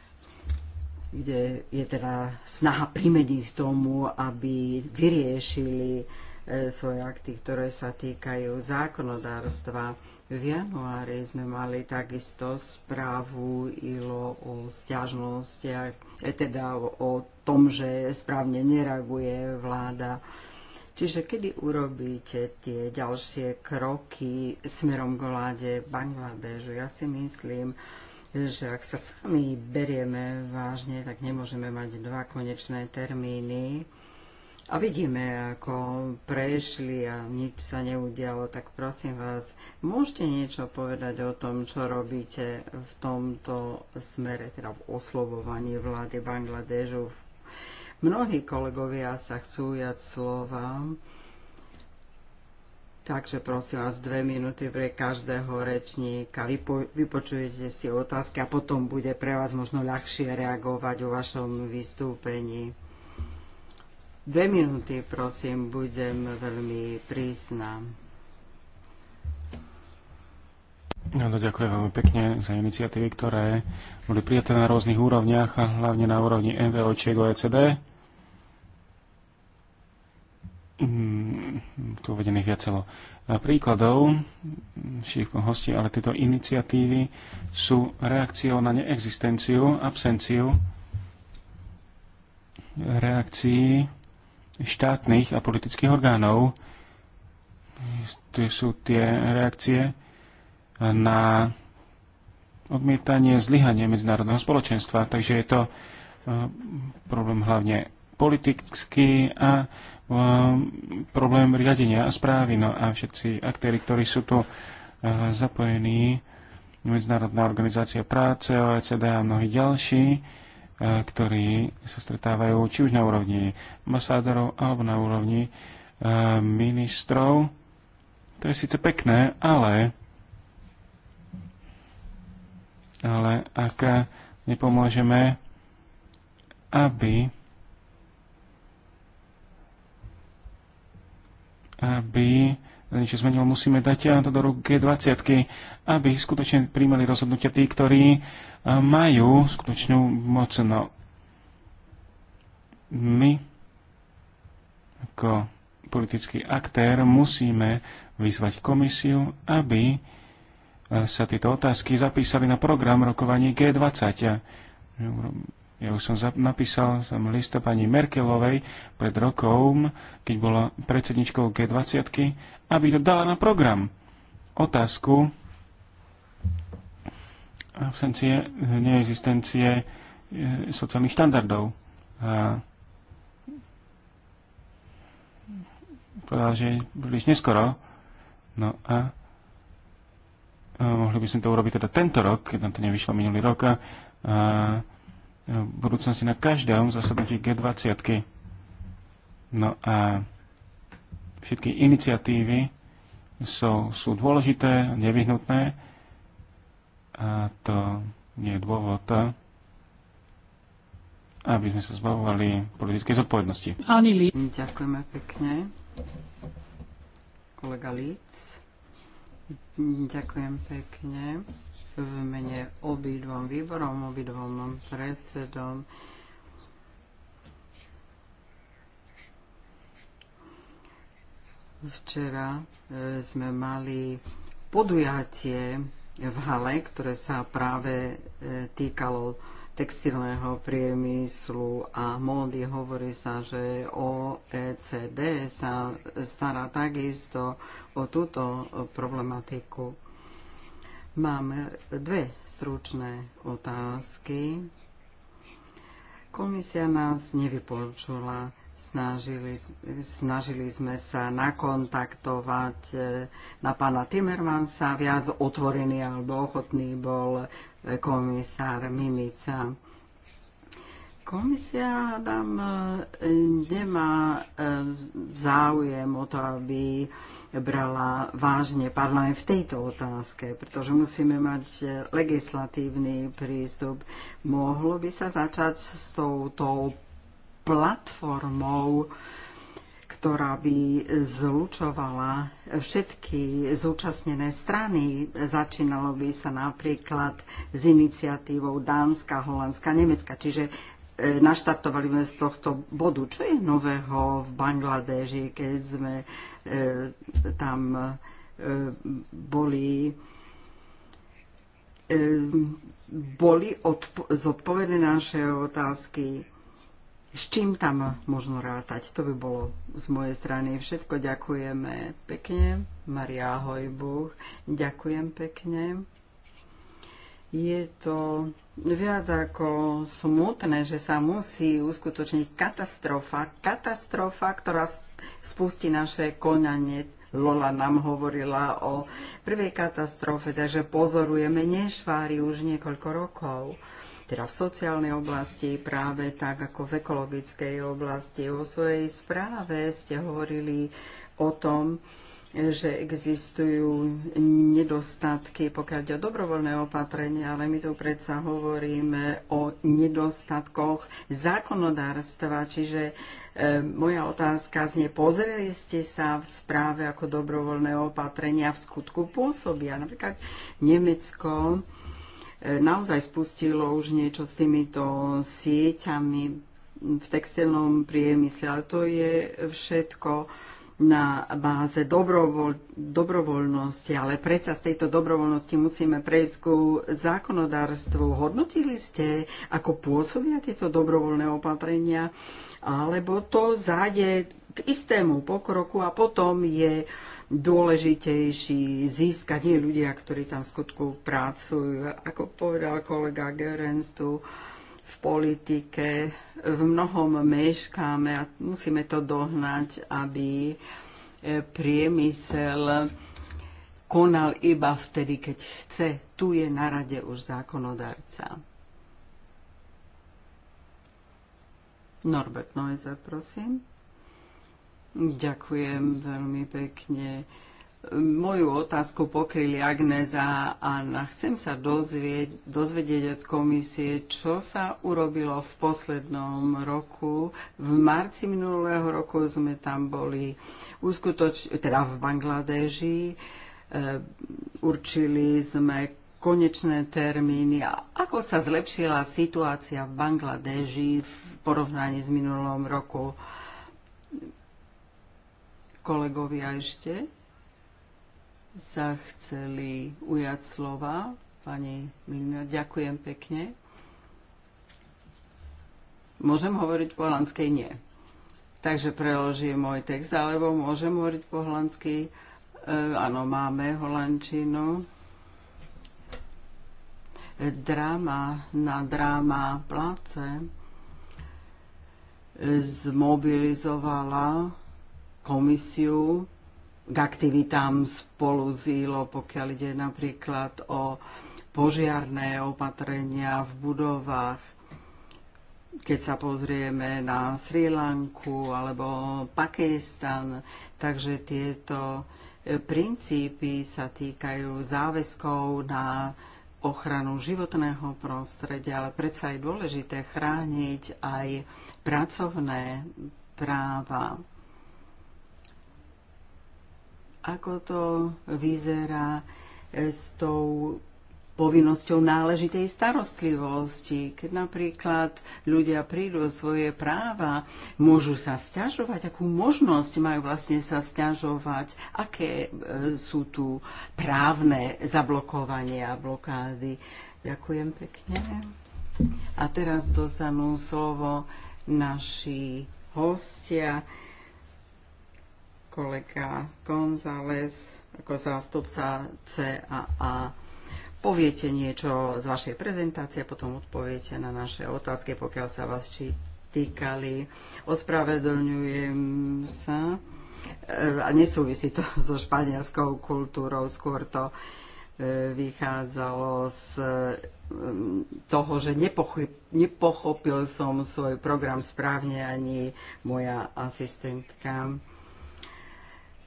kde je teda snaha primeniť k tomu, aby vyriešili e, svoje akty, ktoré sa týkajú zákonodárstva. V januári sme mali takisto správu ILO o stiažnostiach, e, teda o tom, že správne nereaguje vláda. Čiže kedy urobíte tie ďalšie kroky smerom k vláde Bangladežu? Ja si myslím, že ak sa sami berieme vážne, tak nemôžeme mať dva konečné termíny. A vidíme, ako prešli a nič sa neudialo, tak prosím vás, môžete niečo povedať o tom, čo robíte v tomto smere, teda v oslovovaní vlády Bangladežu. Mnohí kolegovia sa chcú jať slova Takže prosím vás, dve minúty pre každého rečníka. Vypo, vypočujete si otázky a potom bude pre vás možno ľahšie reagovať vo vašom vystúpení. Dve minúty, prosím, budem veľmi prísna. no, ďakujem veľmi pekne za iniciatívy, ktoré boli prijaté na rôznych úrovniach a hlavne na úrovni či OECD Mm, tu uvedených viacelo eh, príkladov všich hostí, ale tieto iniciatívy sú reakciou na neexistenciu, absenciu reakcií štátnych a politických orgánov. Tu sú tie reakcie na odmietanie zlyhanie medzinárodného spoločenstva. Takže je to eh, problém hlavne politický a Ehm, problém riadenia a správy. No a všetci aktéry, ktorí sú tu eh, zapojení, Medzinárodná organizácia práce, OECD a mnohí ďalší, eh, ktorí sa stretávajú či už na úrovni ambasádorov alebo na úrovni eh, ministrov. To je síce pekné, ale, ale ak nepomôžeme, aby aby niečo zmenilo, musíme dať to do rúk G20, aby skutočne príjmali rozhodnutia tí, ktorí eh, majú skutočnú moc. No, my ako politický aktér musíme vyzvať komisiu, aby eh, sa tieto otázky zapísali na program rokovaní G20. Ja už som napísal som list pani Merkelovej pred rokom, keď bola predsedničkou G20, aby to dala na program. Otázku absencie, neexistencie e, sociálnych štandardov. A povedal, že príliš neskoro. No a mohli by sme to urobiť teda tento rok, keď nám to nevyšlo minulý rok. A, a v budúcnosti na každom zasadnutí G20. No a všetky iniciatívy sú, sú dôležité, nevyhnutné a to nie je dôvod, aby sme sa zbavovali politickej zodpovednosti. Ani Ďakujeme pekne. Kolega Líc. Ďakujem pekne v mene obidvom výborom, obidvom predsedom. Včera e, sme mali podujatie v Hale, ktoré sa práve e, týkalo textilného priemyslu a módy. Hovorí sa, že OECD sa stará takisto o túto problematiku. Mám dve stručné otázky. Komisia nás nevypočula. Snažili, snažili sme sa nakontaktovať e, na pána Timmermansa. Viac otvorený alebo ochotný bol komisár Mimica. Komisia nám e, nemá e, záujem o to, aby brala vážne parlament v tejto otázke, pretože musíme mať e, legislatívny prístup. Mohlo by sa začať s touto platformou, ktorá by zlučovala všetky zúčastnené strany. Začínalo by sa napríklad s iniciatívou Dánska, Holandska, Nemecka, čiže E, naštartovali sme z tohto bodu. Čo je nového v Bangladeži, keď sme e, tam e, boli boli zodpovedané naše otázky, s čím tam možno rátať. To by bolo z mojej strany všetko. Ďakujeme pekne. Maria Hojbuch, ďakujem pekne. Je to viac ako smutné, že sa musí uskutočniť katastrofa, katastrofa, ktorá spustí naše konanie. Lola nám hovorila o prvej katastrofe, takže pozorujeme nešvári už niekoľko rokov. Teda v sociálnej oblasti, práve tak ako v ekologickej oblasti. Vo svojej správe ste hovorili o tom, že existujú nedostatky, pokiaľ ide o dobrovoľné opatrenia, ale my tu predsa hovoríme o nedostatkoch zákonodárstva, čiže e, moja otázka znie, pozreli ste sa v správe, ako dobrovoľné opatrenia v skutku pôsobia. Napríklad Nemecko e, naozaj spustilo už niečo s týmito sieťami v textilnom priemysle, ale to je všetko na báze dobrovoľ, dobrovoľnosti, ale predsa z tejto dobrovoľnosti musíme prejsť ku zákonodárstvu. Hodnotili ste, ako pôsobia tieto dobrovoľné opatrenia, alebo to zájde k istému pokroku a potom je dôležitejší získať nie ľudia, ktorí tam v skutku pracujú. Ako povedal kolega Gerenstu, tu, uh, v politike v mnohom meškáme a musíme to dohnať, aby e, priemysel konal iba vtedy, keď chce. Tu je na rade už zákonodarca. Norbert Neuser, prosím. Ďakujem veľmi pekne. Moju otázku pokryli Agneza a Chcem sa dozvieť, dozvedieť od komisie, čo sa urobilo v poslednom roku. V marci minulého roku sme tam boli uskutoč- teda v Bangladeži. E, určili sme konečné termíny a ako sa zlepšila situácia v Bangladeži v porovnaní s minulom roku. Kolegovia ešte? sa chceli ujať slova. Pani Milner, ďakujem pekne. Môžem hovoriť po holandskej? Nie. Takže preložím môj text, alebo môžem hovoriť po holandsky? E, áno, máme holandčinu. drama na dráma pláce zmobilizovala komisiu k aktivitám spolu s ILO, pokiaľ ide napríklad o požiarné opatrenia v budovách. Keď sa pozrieme na Sri Lanku alebo Pakistan, takže tieto e, princípy sa týkajú záväzkov na ochranu životného prostredia, ale predsa je dôležité chrániť aj pracovné práva ako to vyzerá eh, s tou povinnosťou náležitej starostlivosti. Keď napríklad ľudia prídu o svoje práva, môžu sa stiažovať, akú možnosť majú vlastne sa stiažovať, aké eh, sú tu právne zablokovania a blokády. Ďakujem pekne. A teraz dostanú slovo naši hostia kolega González ako zástupca CAA. Poviete niečo z vašej prezentácie, potom odpoviete na naše otázky, pokiaľ sa vás či týkali. Ospravedlňujem sa. E, a nesúvisí to so španielskou kultúrou, skôr to e, vychádzalo z e, toho, že nepochopil som svoj program správne ani moja asistentka.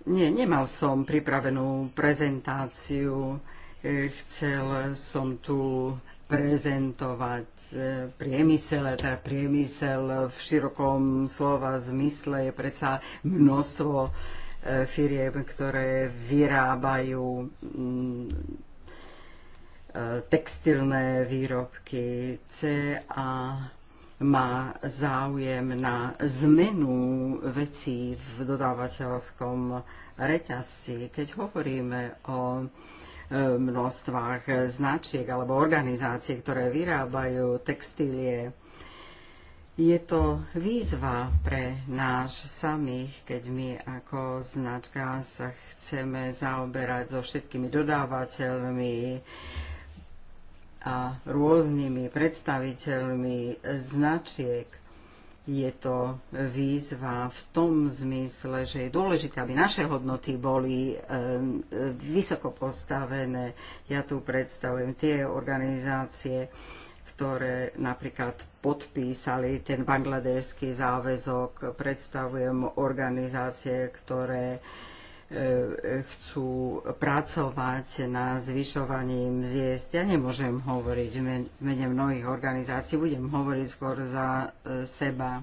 Nie, nemal som pripravenú prezentáciu. E, chcel som tu prezentovať e, priemysel, teda priemysel v širokom slova zmysle je predsa množstvo e, firiem, ktoré vyrábajú mm, textilné výrobky, C a má záujem na zmenu vecí v dodávateľskom reťazci. Keď hovoríme o e, množstvách značiek alebo organizácií, ktoré vyrábajú textílie, je to výzva pre náš samých, keď my ako značka sa chceme zaoberať so všetkými dodávateľmi, a rôznymi predstaviteľmi značiek. Je to výzva v tom zmysle, že je dôležité, aby naše hodnoty boli vysoko postavené. Ja tu predstavujem tie organizácie, ktoré napríklad podpísali ten bangladéšsky záväzok. Predstavujem organizácie, ktoré E, chcú pracovať na zvyšovaní mziest. Ja nemôžem hovoriť v mene mnohých organizácií, budem hovoriť skôr za e, seba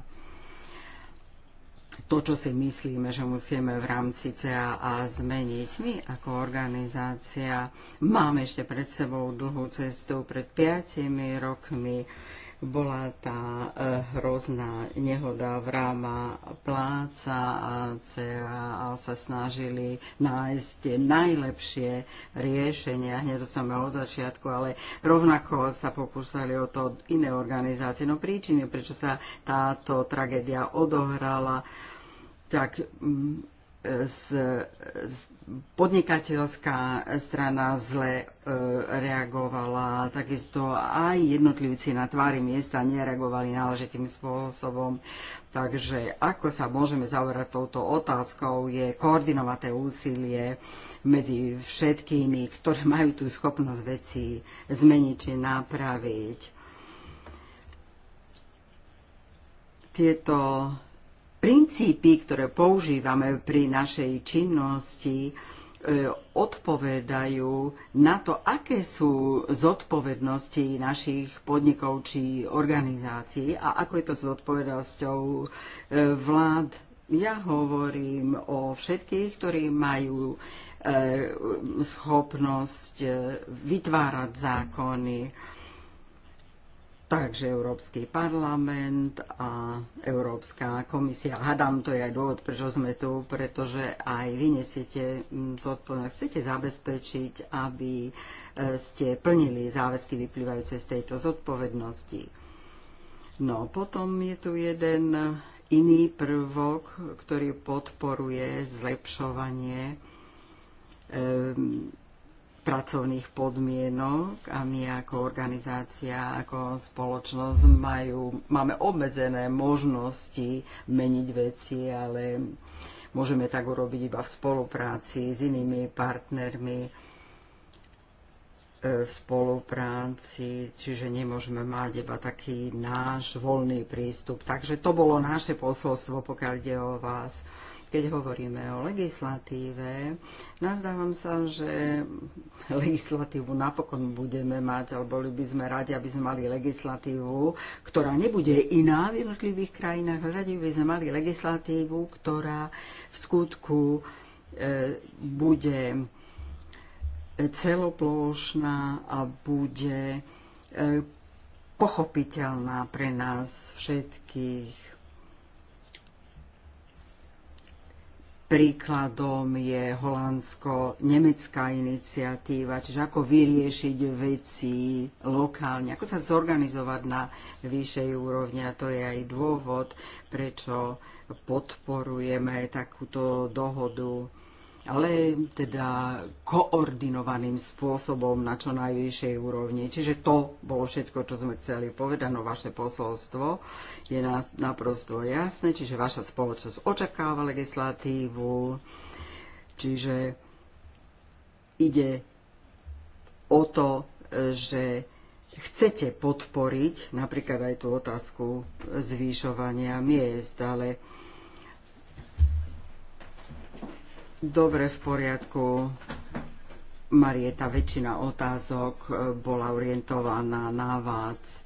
to, čo si myslíme, že musíme v rámci CAA zmeniť. My ako organizácia máme ešte pred sebou dlhú cestu. Pred piatimi rokmi bola tá e, hrozná nehoda v Ráma Pláca a a sa snažili nájsť tie najlepšie riešenia hneď do samého začiatku, ale rovnako sa pokúsali o to iné organizácie. No príčiny, prečo sa táto tragédia odohrala, tak mm, z, z podnikateľská strana zle e, reagovala, takisto aj jednotlivci na tvári miesta nereagovali náležitým spôsobom. Takže ako sa môžeme zaoberať touto otázkou je koordinovaté úsilie medzi všetkými, ktoré majú tú schopnosť veci zmeniť či napraviť. Tieto princípy, ktoré používame pri našej činnosti, e, odpovedajú na to, aké sú zodpovednosti našich podnikov či organizácií a ako je to s zodpovednosťou e, vlád. Ja hovorím o všetkých, ktorí majú e, schopnosť vytvárať zákony Takže Európsky parlament a Európska komisia. Hadám, to je aj dôvod, prečo sme tu, pretože aj vy nesiete mm, zodpovednosť. Chcete zabezpečiť, aby e, ste plnili záväzky vyplývajúce z tejto zodpovednosti. No, potom je tu jeden iný prvok, ktorý podporuje zlepšovanie e, pracovných podmienok a my ako organizácia, ako spoločnosť majú, máme obmedzené možnosti meniť veci, ale môžeme tak urobiť iba v spolupráci s inými partnermi e, v spolupráci, čiže nemôžeme mať iba taký náš voľný prístup. Takže to bolo naše posolstvo, pokiaľ ide o vás keď hovoríme o legislatíve, nazdávam sa, že legislatívu napokon budeme mať, alebo boli by sme radi, aby sme mali legislatívu, ktorá nebude iná v jednotlivých krajinách. Radi by sme mali legislatívu, ktorá v skutku e, bude celoplošná a bude e, pochopiteľná pre nás všetkých Príkladom je holandsko-nemecká iniciatíva, čiže ako vyriešiť veci lokálne, ako sa zorganizovať na vyššej úrovni. A to je aj dôvod, prečo podporujeme takúto dohodu ale teda koordinovaným spôsobom na čo najvyššej úrovni. Čiže to bolo všetko, čo sme chceli povedať, no vaše posolstvo je naprosto jasné, čiže vaša spoločnosť očakáva legislatívu, čiže ide o to, e, že chcete podporiť napríklad aj tú otázku zvýšovania miest, ale dobre v poriadku. Marieta, väčšina otázok e, bola orientovaná na vás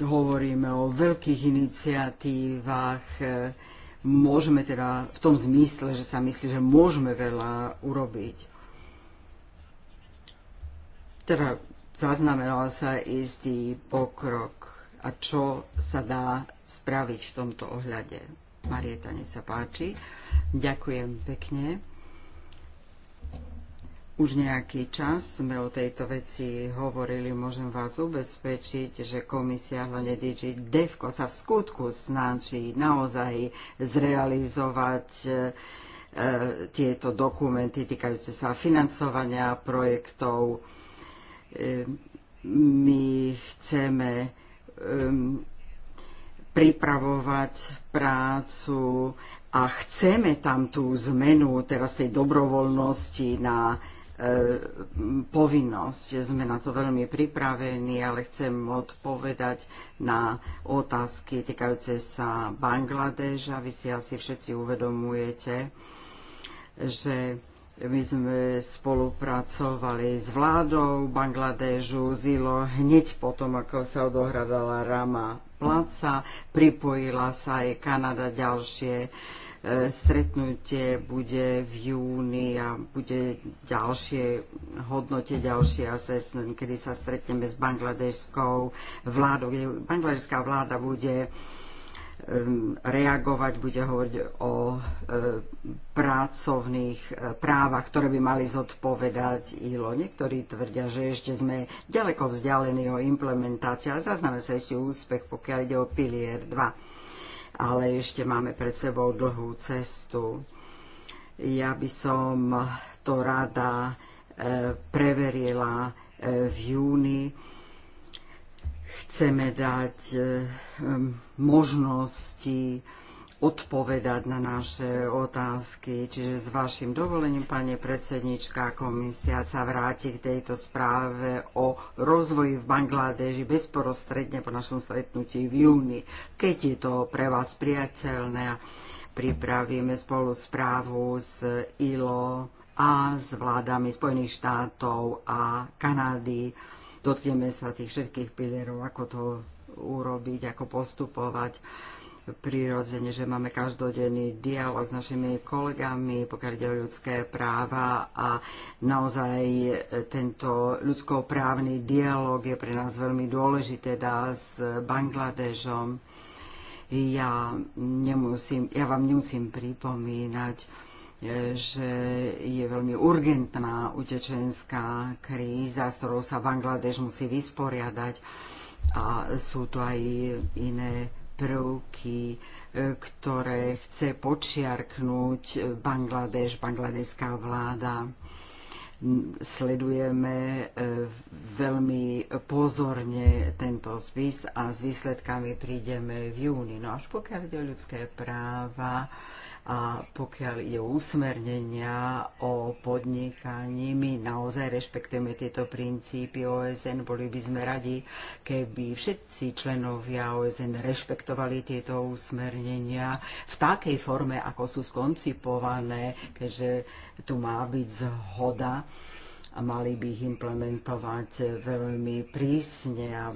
hovoríme o veľkých iniciatívach, môžeme teda v tom zmysle, že sa myslí, že môžeme veľa urobiť. Teda zaznamenal sa istý pokrok a čo sa dá spraviť v tomto ohľade. Marieta, nech sa páči. Ďakujem pekne. Už nejaký čas sme o tejto veci hovorili, môžem vás ubezpečiť, že komisia hlavne DG DEVKO sa v skutku snaží naozaj zrealizovať e, tieto dokumenty týkajúce sa financovania projektov. E, my chceme e, pripravovať prácu a chceme tam tú zmenu teraz tej dobrovoľnosti na E, povinnosť. Sme na to veľmi pripravení, ale chcem odpovedať na otázky týkajúce sa Bangladeža. Vy si asi všetci uvedomujete, že my sme spolupracovali s vládou Bangladežu, Zilo, hneď potom, ako sa odohradala Rama Placa, pripojila sa aj Kanada ďalšie E, stretnutie bude v júni a bude ďalšie hodnote, ďalšie assessment, kedy sa stretneme s bangladežskou vládou. bangladežská vláda bude reagovať, bude hovoriť o e, pracovných e, právach, ktoré by mali zodpovedať ILO. Niektorí tvrdia, že ešte sme ďaleko vzdialení o implementácii, ale zaznáme sa ešte úspech, pokiaľ ide o pilier 2 ale ešte máme pred sebou dlhú cestu. Ja by som to rada e, preverila e, v júni. Chceme dať e, možnosti odpovedať na naše otázky. Čiže s vašim dovolením, pani predsednička, komisia sa vráti k tejto správe o rozvoji v Bangladeži bezprostredne po našom stretnutí v júni, keď je to pre vás priateľné. Pripravíme spolu správu s ILO a s vládami Spojených štátov a Kanady. Dotkneme sa tých všetkých pilierov, ako to urobiť, ako postupovať prirodzene, že máme každodenný dialog s našimi kolegami, pokiaľ ide o ľudské práva a naozaj e, tento ľudskoprávny dialog je pre nás veľmi dôležitý teda s Bangladežom. Ja, nemusím, ja vám nemusím pripomínať, e, že je veľmi urgentná utečenská kríza, s ktorou sa Bangladeš musí vysporiadať a sú tu aj iné prvky, e, ktoré chce počiarknúť Bangladeš, bangladeská vláda. Sledujeme e, veľmi pozorne tento zvis a s výsledkami prídeme v júni. No až pokiaľ ide ľudské práva, a pokiaľ ide o usmernenia o podnikaní, my naozaj rešpektujeme tieto princípy OSN. Boli by sme radi, keby všetci členovia OSN rešpektovali tieto usmernenia v takej forme, ako sú skoncipované, keďže tu má byť zhoda a mali by ich implementovať veľmi prísne a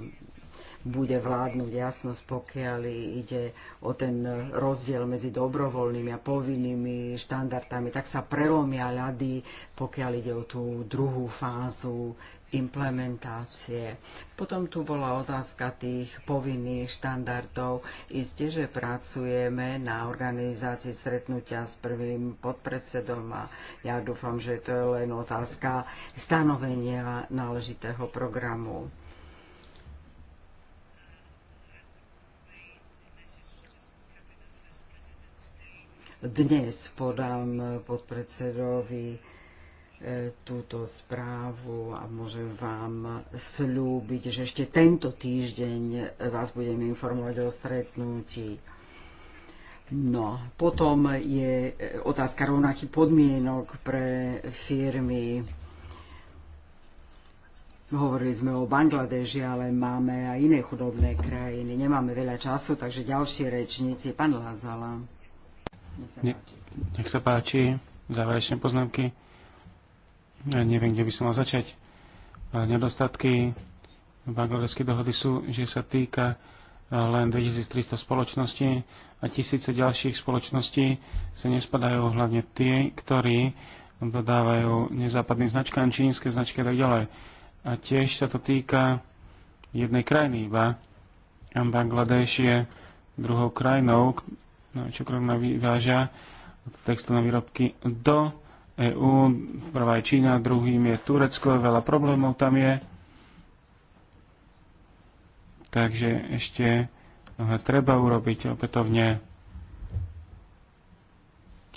bude vládnuť jasnosť, pokiaľ ide o ten rozdiel medzi dobrovoľnými a povinnými štandardami, tak sa prelomia ľady, pokiaľ ide o tú druhú fázu implementácie. Potom tu bola otázka tých povinných štandardov. Isté, že pracujeme na organizácii stretnutia s prvým podpredsedom a ja dúfam, že to je len otázka stanovenia náležitého programu. dnes podám eh, podpredsedovi eh, túto správu a môžem vám slúbiť, že ešte tento týždeň vás budem informovať o stretnutí. No, potom je eh, otázka rovnakých podmienok pre firmy. Hovorili sme o Bangladeži, ale máme aj iné chudobné krajiny. Nemáme veľa času, takže ďalší rečníci. Pán Lázala nech sa páči, záverečné poznámky. Ja neviem, kde by som mal začať. Nedostatky bangladeskej dohody sú, že sa týka len 2300 spoločností a tisíce ďalších spoločností sa nespadajú hlavne tie, ktorí dodávajú nezápadný značkám, čínske značky a tak ďalej. A tiež sa to týka jednej krajiny iba. A Bangladeš je druhou krajinou, No, čo kromna vyváža textilné výrobky do EÚ. Prvá je Čína, druhým je Turecko, veľa problémov tam je. Takže ešte mnohé treba urobiť opätovne.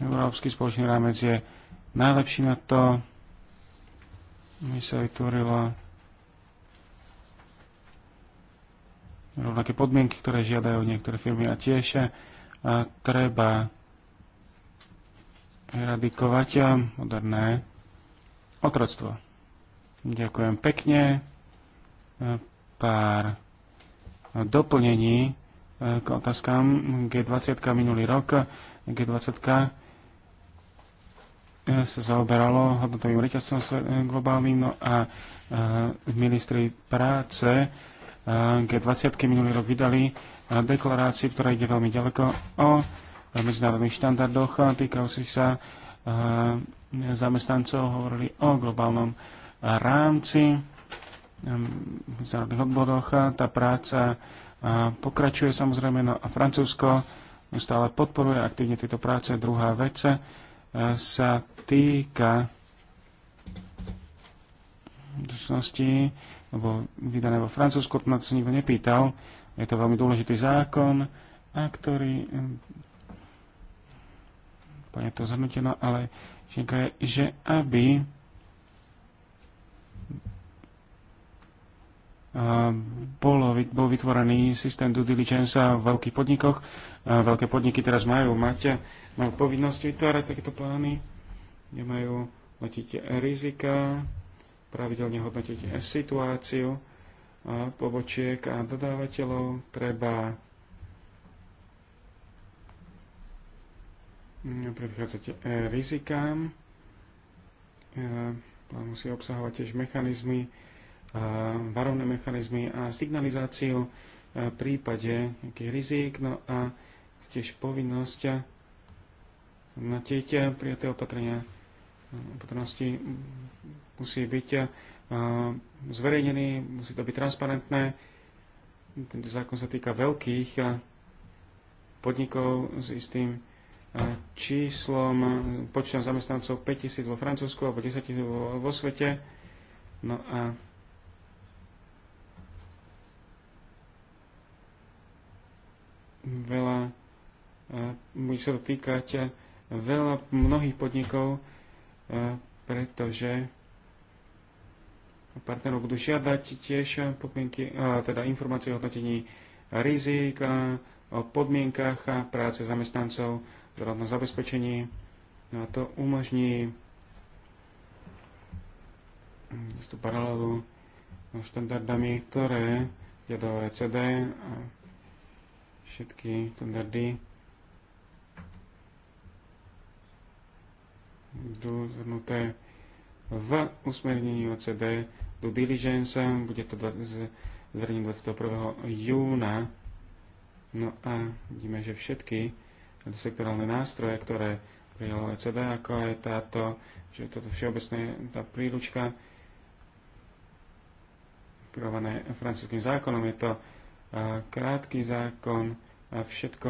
Európsky spoločný rámec je najlepší na to. My sa vytvorilo rovnaké podmienky, ktoré žiadajú niektoré firmy a tiež a treba eradikovať moderné otroctvo. Ďakujem pekne. Pár doplnení e, k otázkám G20 minulý rok. G20 e, sa zaoberalo hodnotovým reťazcom e, globálnym no a ministri práce G20 minulý rok vydali deklarácii, ktorá ide veľmi ďaleko o medzinárodných štandardoch. Týkajú si sa eh, zamestnancov, hovorili o globálnom rámci, medzinárodných odbodoch. Tá práca eh, pokračuje samozrejme, no a Francúzsko stále podporuje aktívne tieto práce. Druhá vec eh, sa týka skutočnosti, lebo vydané vo Francúzsku, na to sa nikto nepýtal, je to veľmi dôležitý zákon, a ktorý Pane, to zhrnutie, no ale všetko je, že aby bolo, bol vytvorený systém due diligence v veľkých podnikoch. Veľké podniky teraz majú máte, majú povinnosť vytvárať takéto plány, nemajú hodnotiť rizika, pravidelne hodnotiť situáciu pobočiek a dodávateľov. Treba predchádzať e, rizikám. Plán e, musí obsahovať tiež mechanizmy, varovné mechanizmy a signalizáciu e, v prípade nejakých rizik. No a tiež povinnosť na tieťa prijaté opatrenia opatrnosti musí byť zverejnený, musí to byť transparentné. Tento zákon sa týka veľkých podnikov s istým číslom, počtom zamestnancov 5000 vo Francúzsku alebo 10 000 vo, vo svete. No a veľa, bude sa to týkať veľa mnohých podnikov, pretože partnerov budú žiadať tiež podmienky, teda informácie o hodnotení rizik, o podmienkach práce zamestnancov, zrovna teda zabezpečení. No a to umožní tú paralelu štandardami, ktoré je do OECD a všetky štandardy budú zhrnuté v usmernení OCD due diligence, bude to 20, zverejnené 21. júna. No a vidíme, že všetky sektorálne nástroje, ktoré prijalo ECD, ako aj táto, že toto všeobecné, tá príručka, inšpirované francúzským zákonom, je to krátky zákon a všetko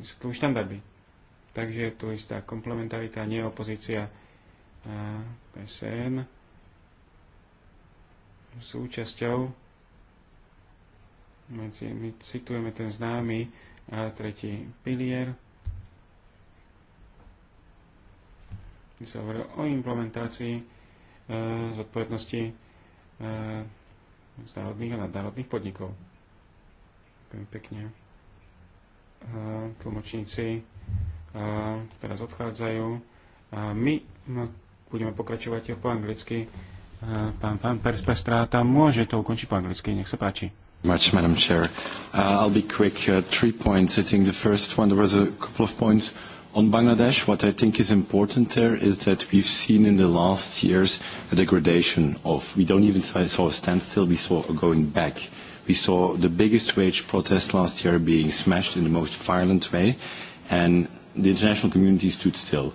sú štandardy. Takže je tu istá komplementarita, nie opozícia PSN súčasťou, medzi, my citujeme ten známy a tretí pilier, kde sa hovorí o implementácii e, zodpovednosti e, z národných a nadnárodných podnikov. Ďakujem pekne. E, tlmočníci e, teraz odchádzajú a my no, budeme pokračovať po anglicky. Pán Van Perspestráta, môže to ukončiť po anglicky, nech sa páči. Much, Madam Chair. Uh, I'll be quick. Uh, three points. I think the first one, there was a couple of points on Bangladesh. What I think is important there is that we've seen in the last years a degradation of, we don't even saw a standstill, we saw a going back. We saw the biggest wage protest last year being smashed in the most violent way, and the international community stood still.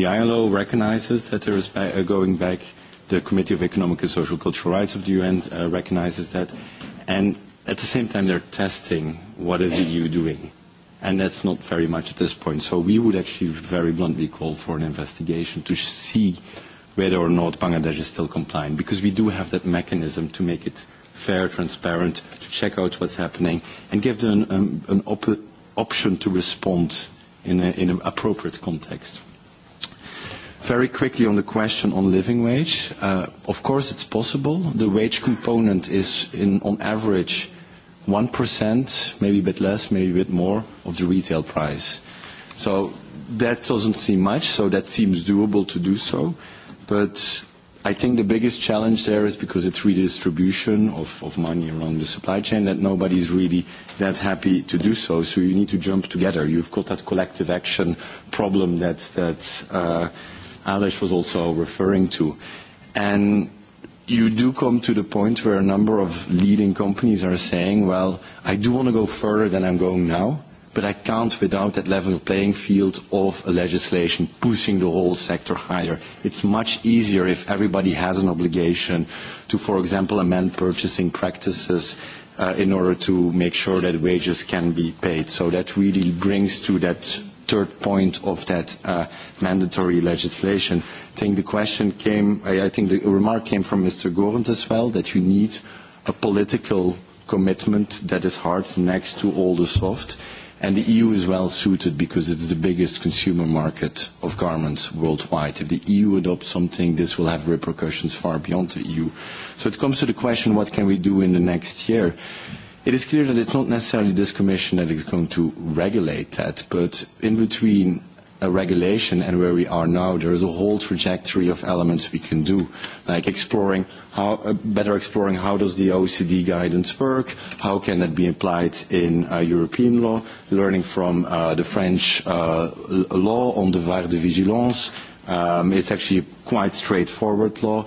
The ILO recognizes that there is a going back The Committee of Economic and Social Cultural Rights of the UN uh, recognizes that. And at the same time, they're testing what is the EU doing. And that's not very much at this point. So we would actually very bluntly call for an investigation to see whether or not Bangladesh is still compliant, because we do have that mechanism to make it fair, transparent, to check out what's happening, and give them an, um, an op option to respond in an in appropriate context. Very quickly on the question on living wage. Uh, of course, it's possible. The wage component is in, on average 1%, maybe a bit less, maybe a bit more, of the retail price. So that doesn't seem much, so that seems doable to do so. But I think the biggest challenge there is because it's redistribution of, of money around the supply chain that nobody's really that happy to do so. So you need to jump together. You've got that collective action problem that, that uh, Alish was also referring to. And you do come to the point where a number of leading companies are saying, well, I do want to go further than I'm going now, but I can't without that level playing field of a legislation pushing the whole sector higher. It's much easier if everybody has an obligation to, for example, amend purchasing practices uh, in order to make sure that wages can be paid. So that really brings to that third point of that uh, mandatory legislation. I think the question came, I, I think the remark came from Mr. Gorent as well, that you need a political commitment that is hard next to all the soft. And the EU is well suited because it's the biggest consumer market of garments worldwide. If the EU adopts something, this will have repercussions far beyond the EU. So it comes to the question, what can we do in the next year? Mm -hmm. It is clear that it's not necessarily this commission that is going to regulate that, but in between a regulation and where we are now, there is a whole trajectory of elements we can do, like exploring how, uh, better exploring how does the OECD guidance work, how can that be applied in uh, European law, learning from uh, the French uh, law on devoir de vigilance. Um, it's actually quite straightforward law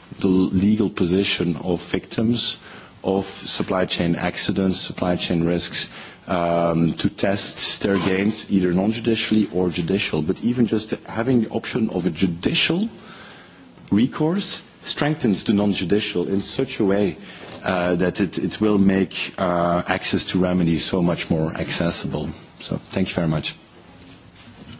the legal position of victims of supply chain accidents, supply chain risks, um, to test their gains either non-judicially or judicial. But even just having the option of a judicial recourse strengthens the non-judicial in such a way uh, that it, it will make uh, access to remedies so much more accessible. So thank you very much.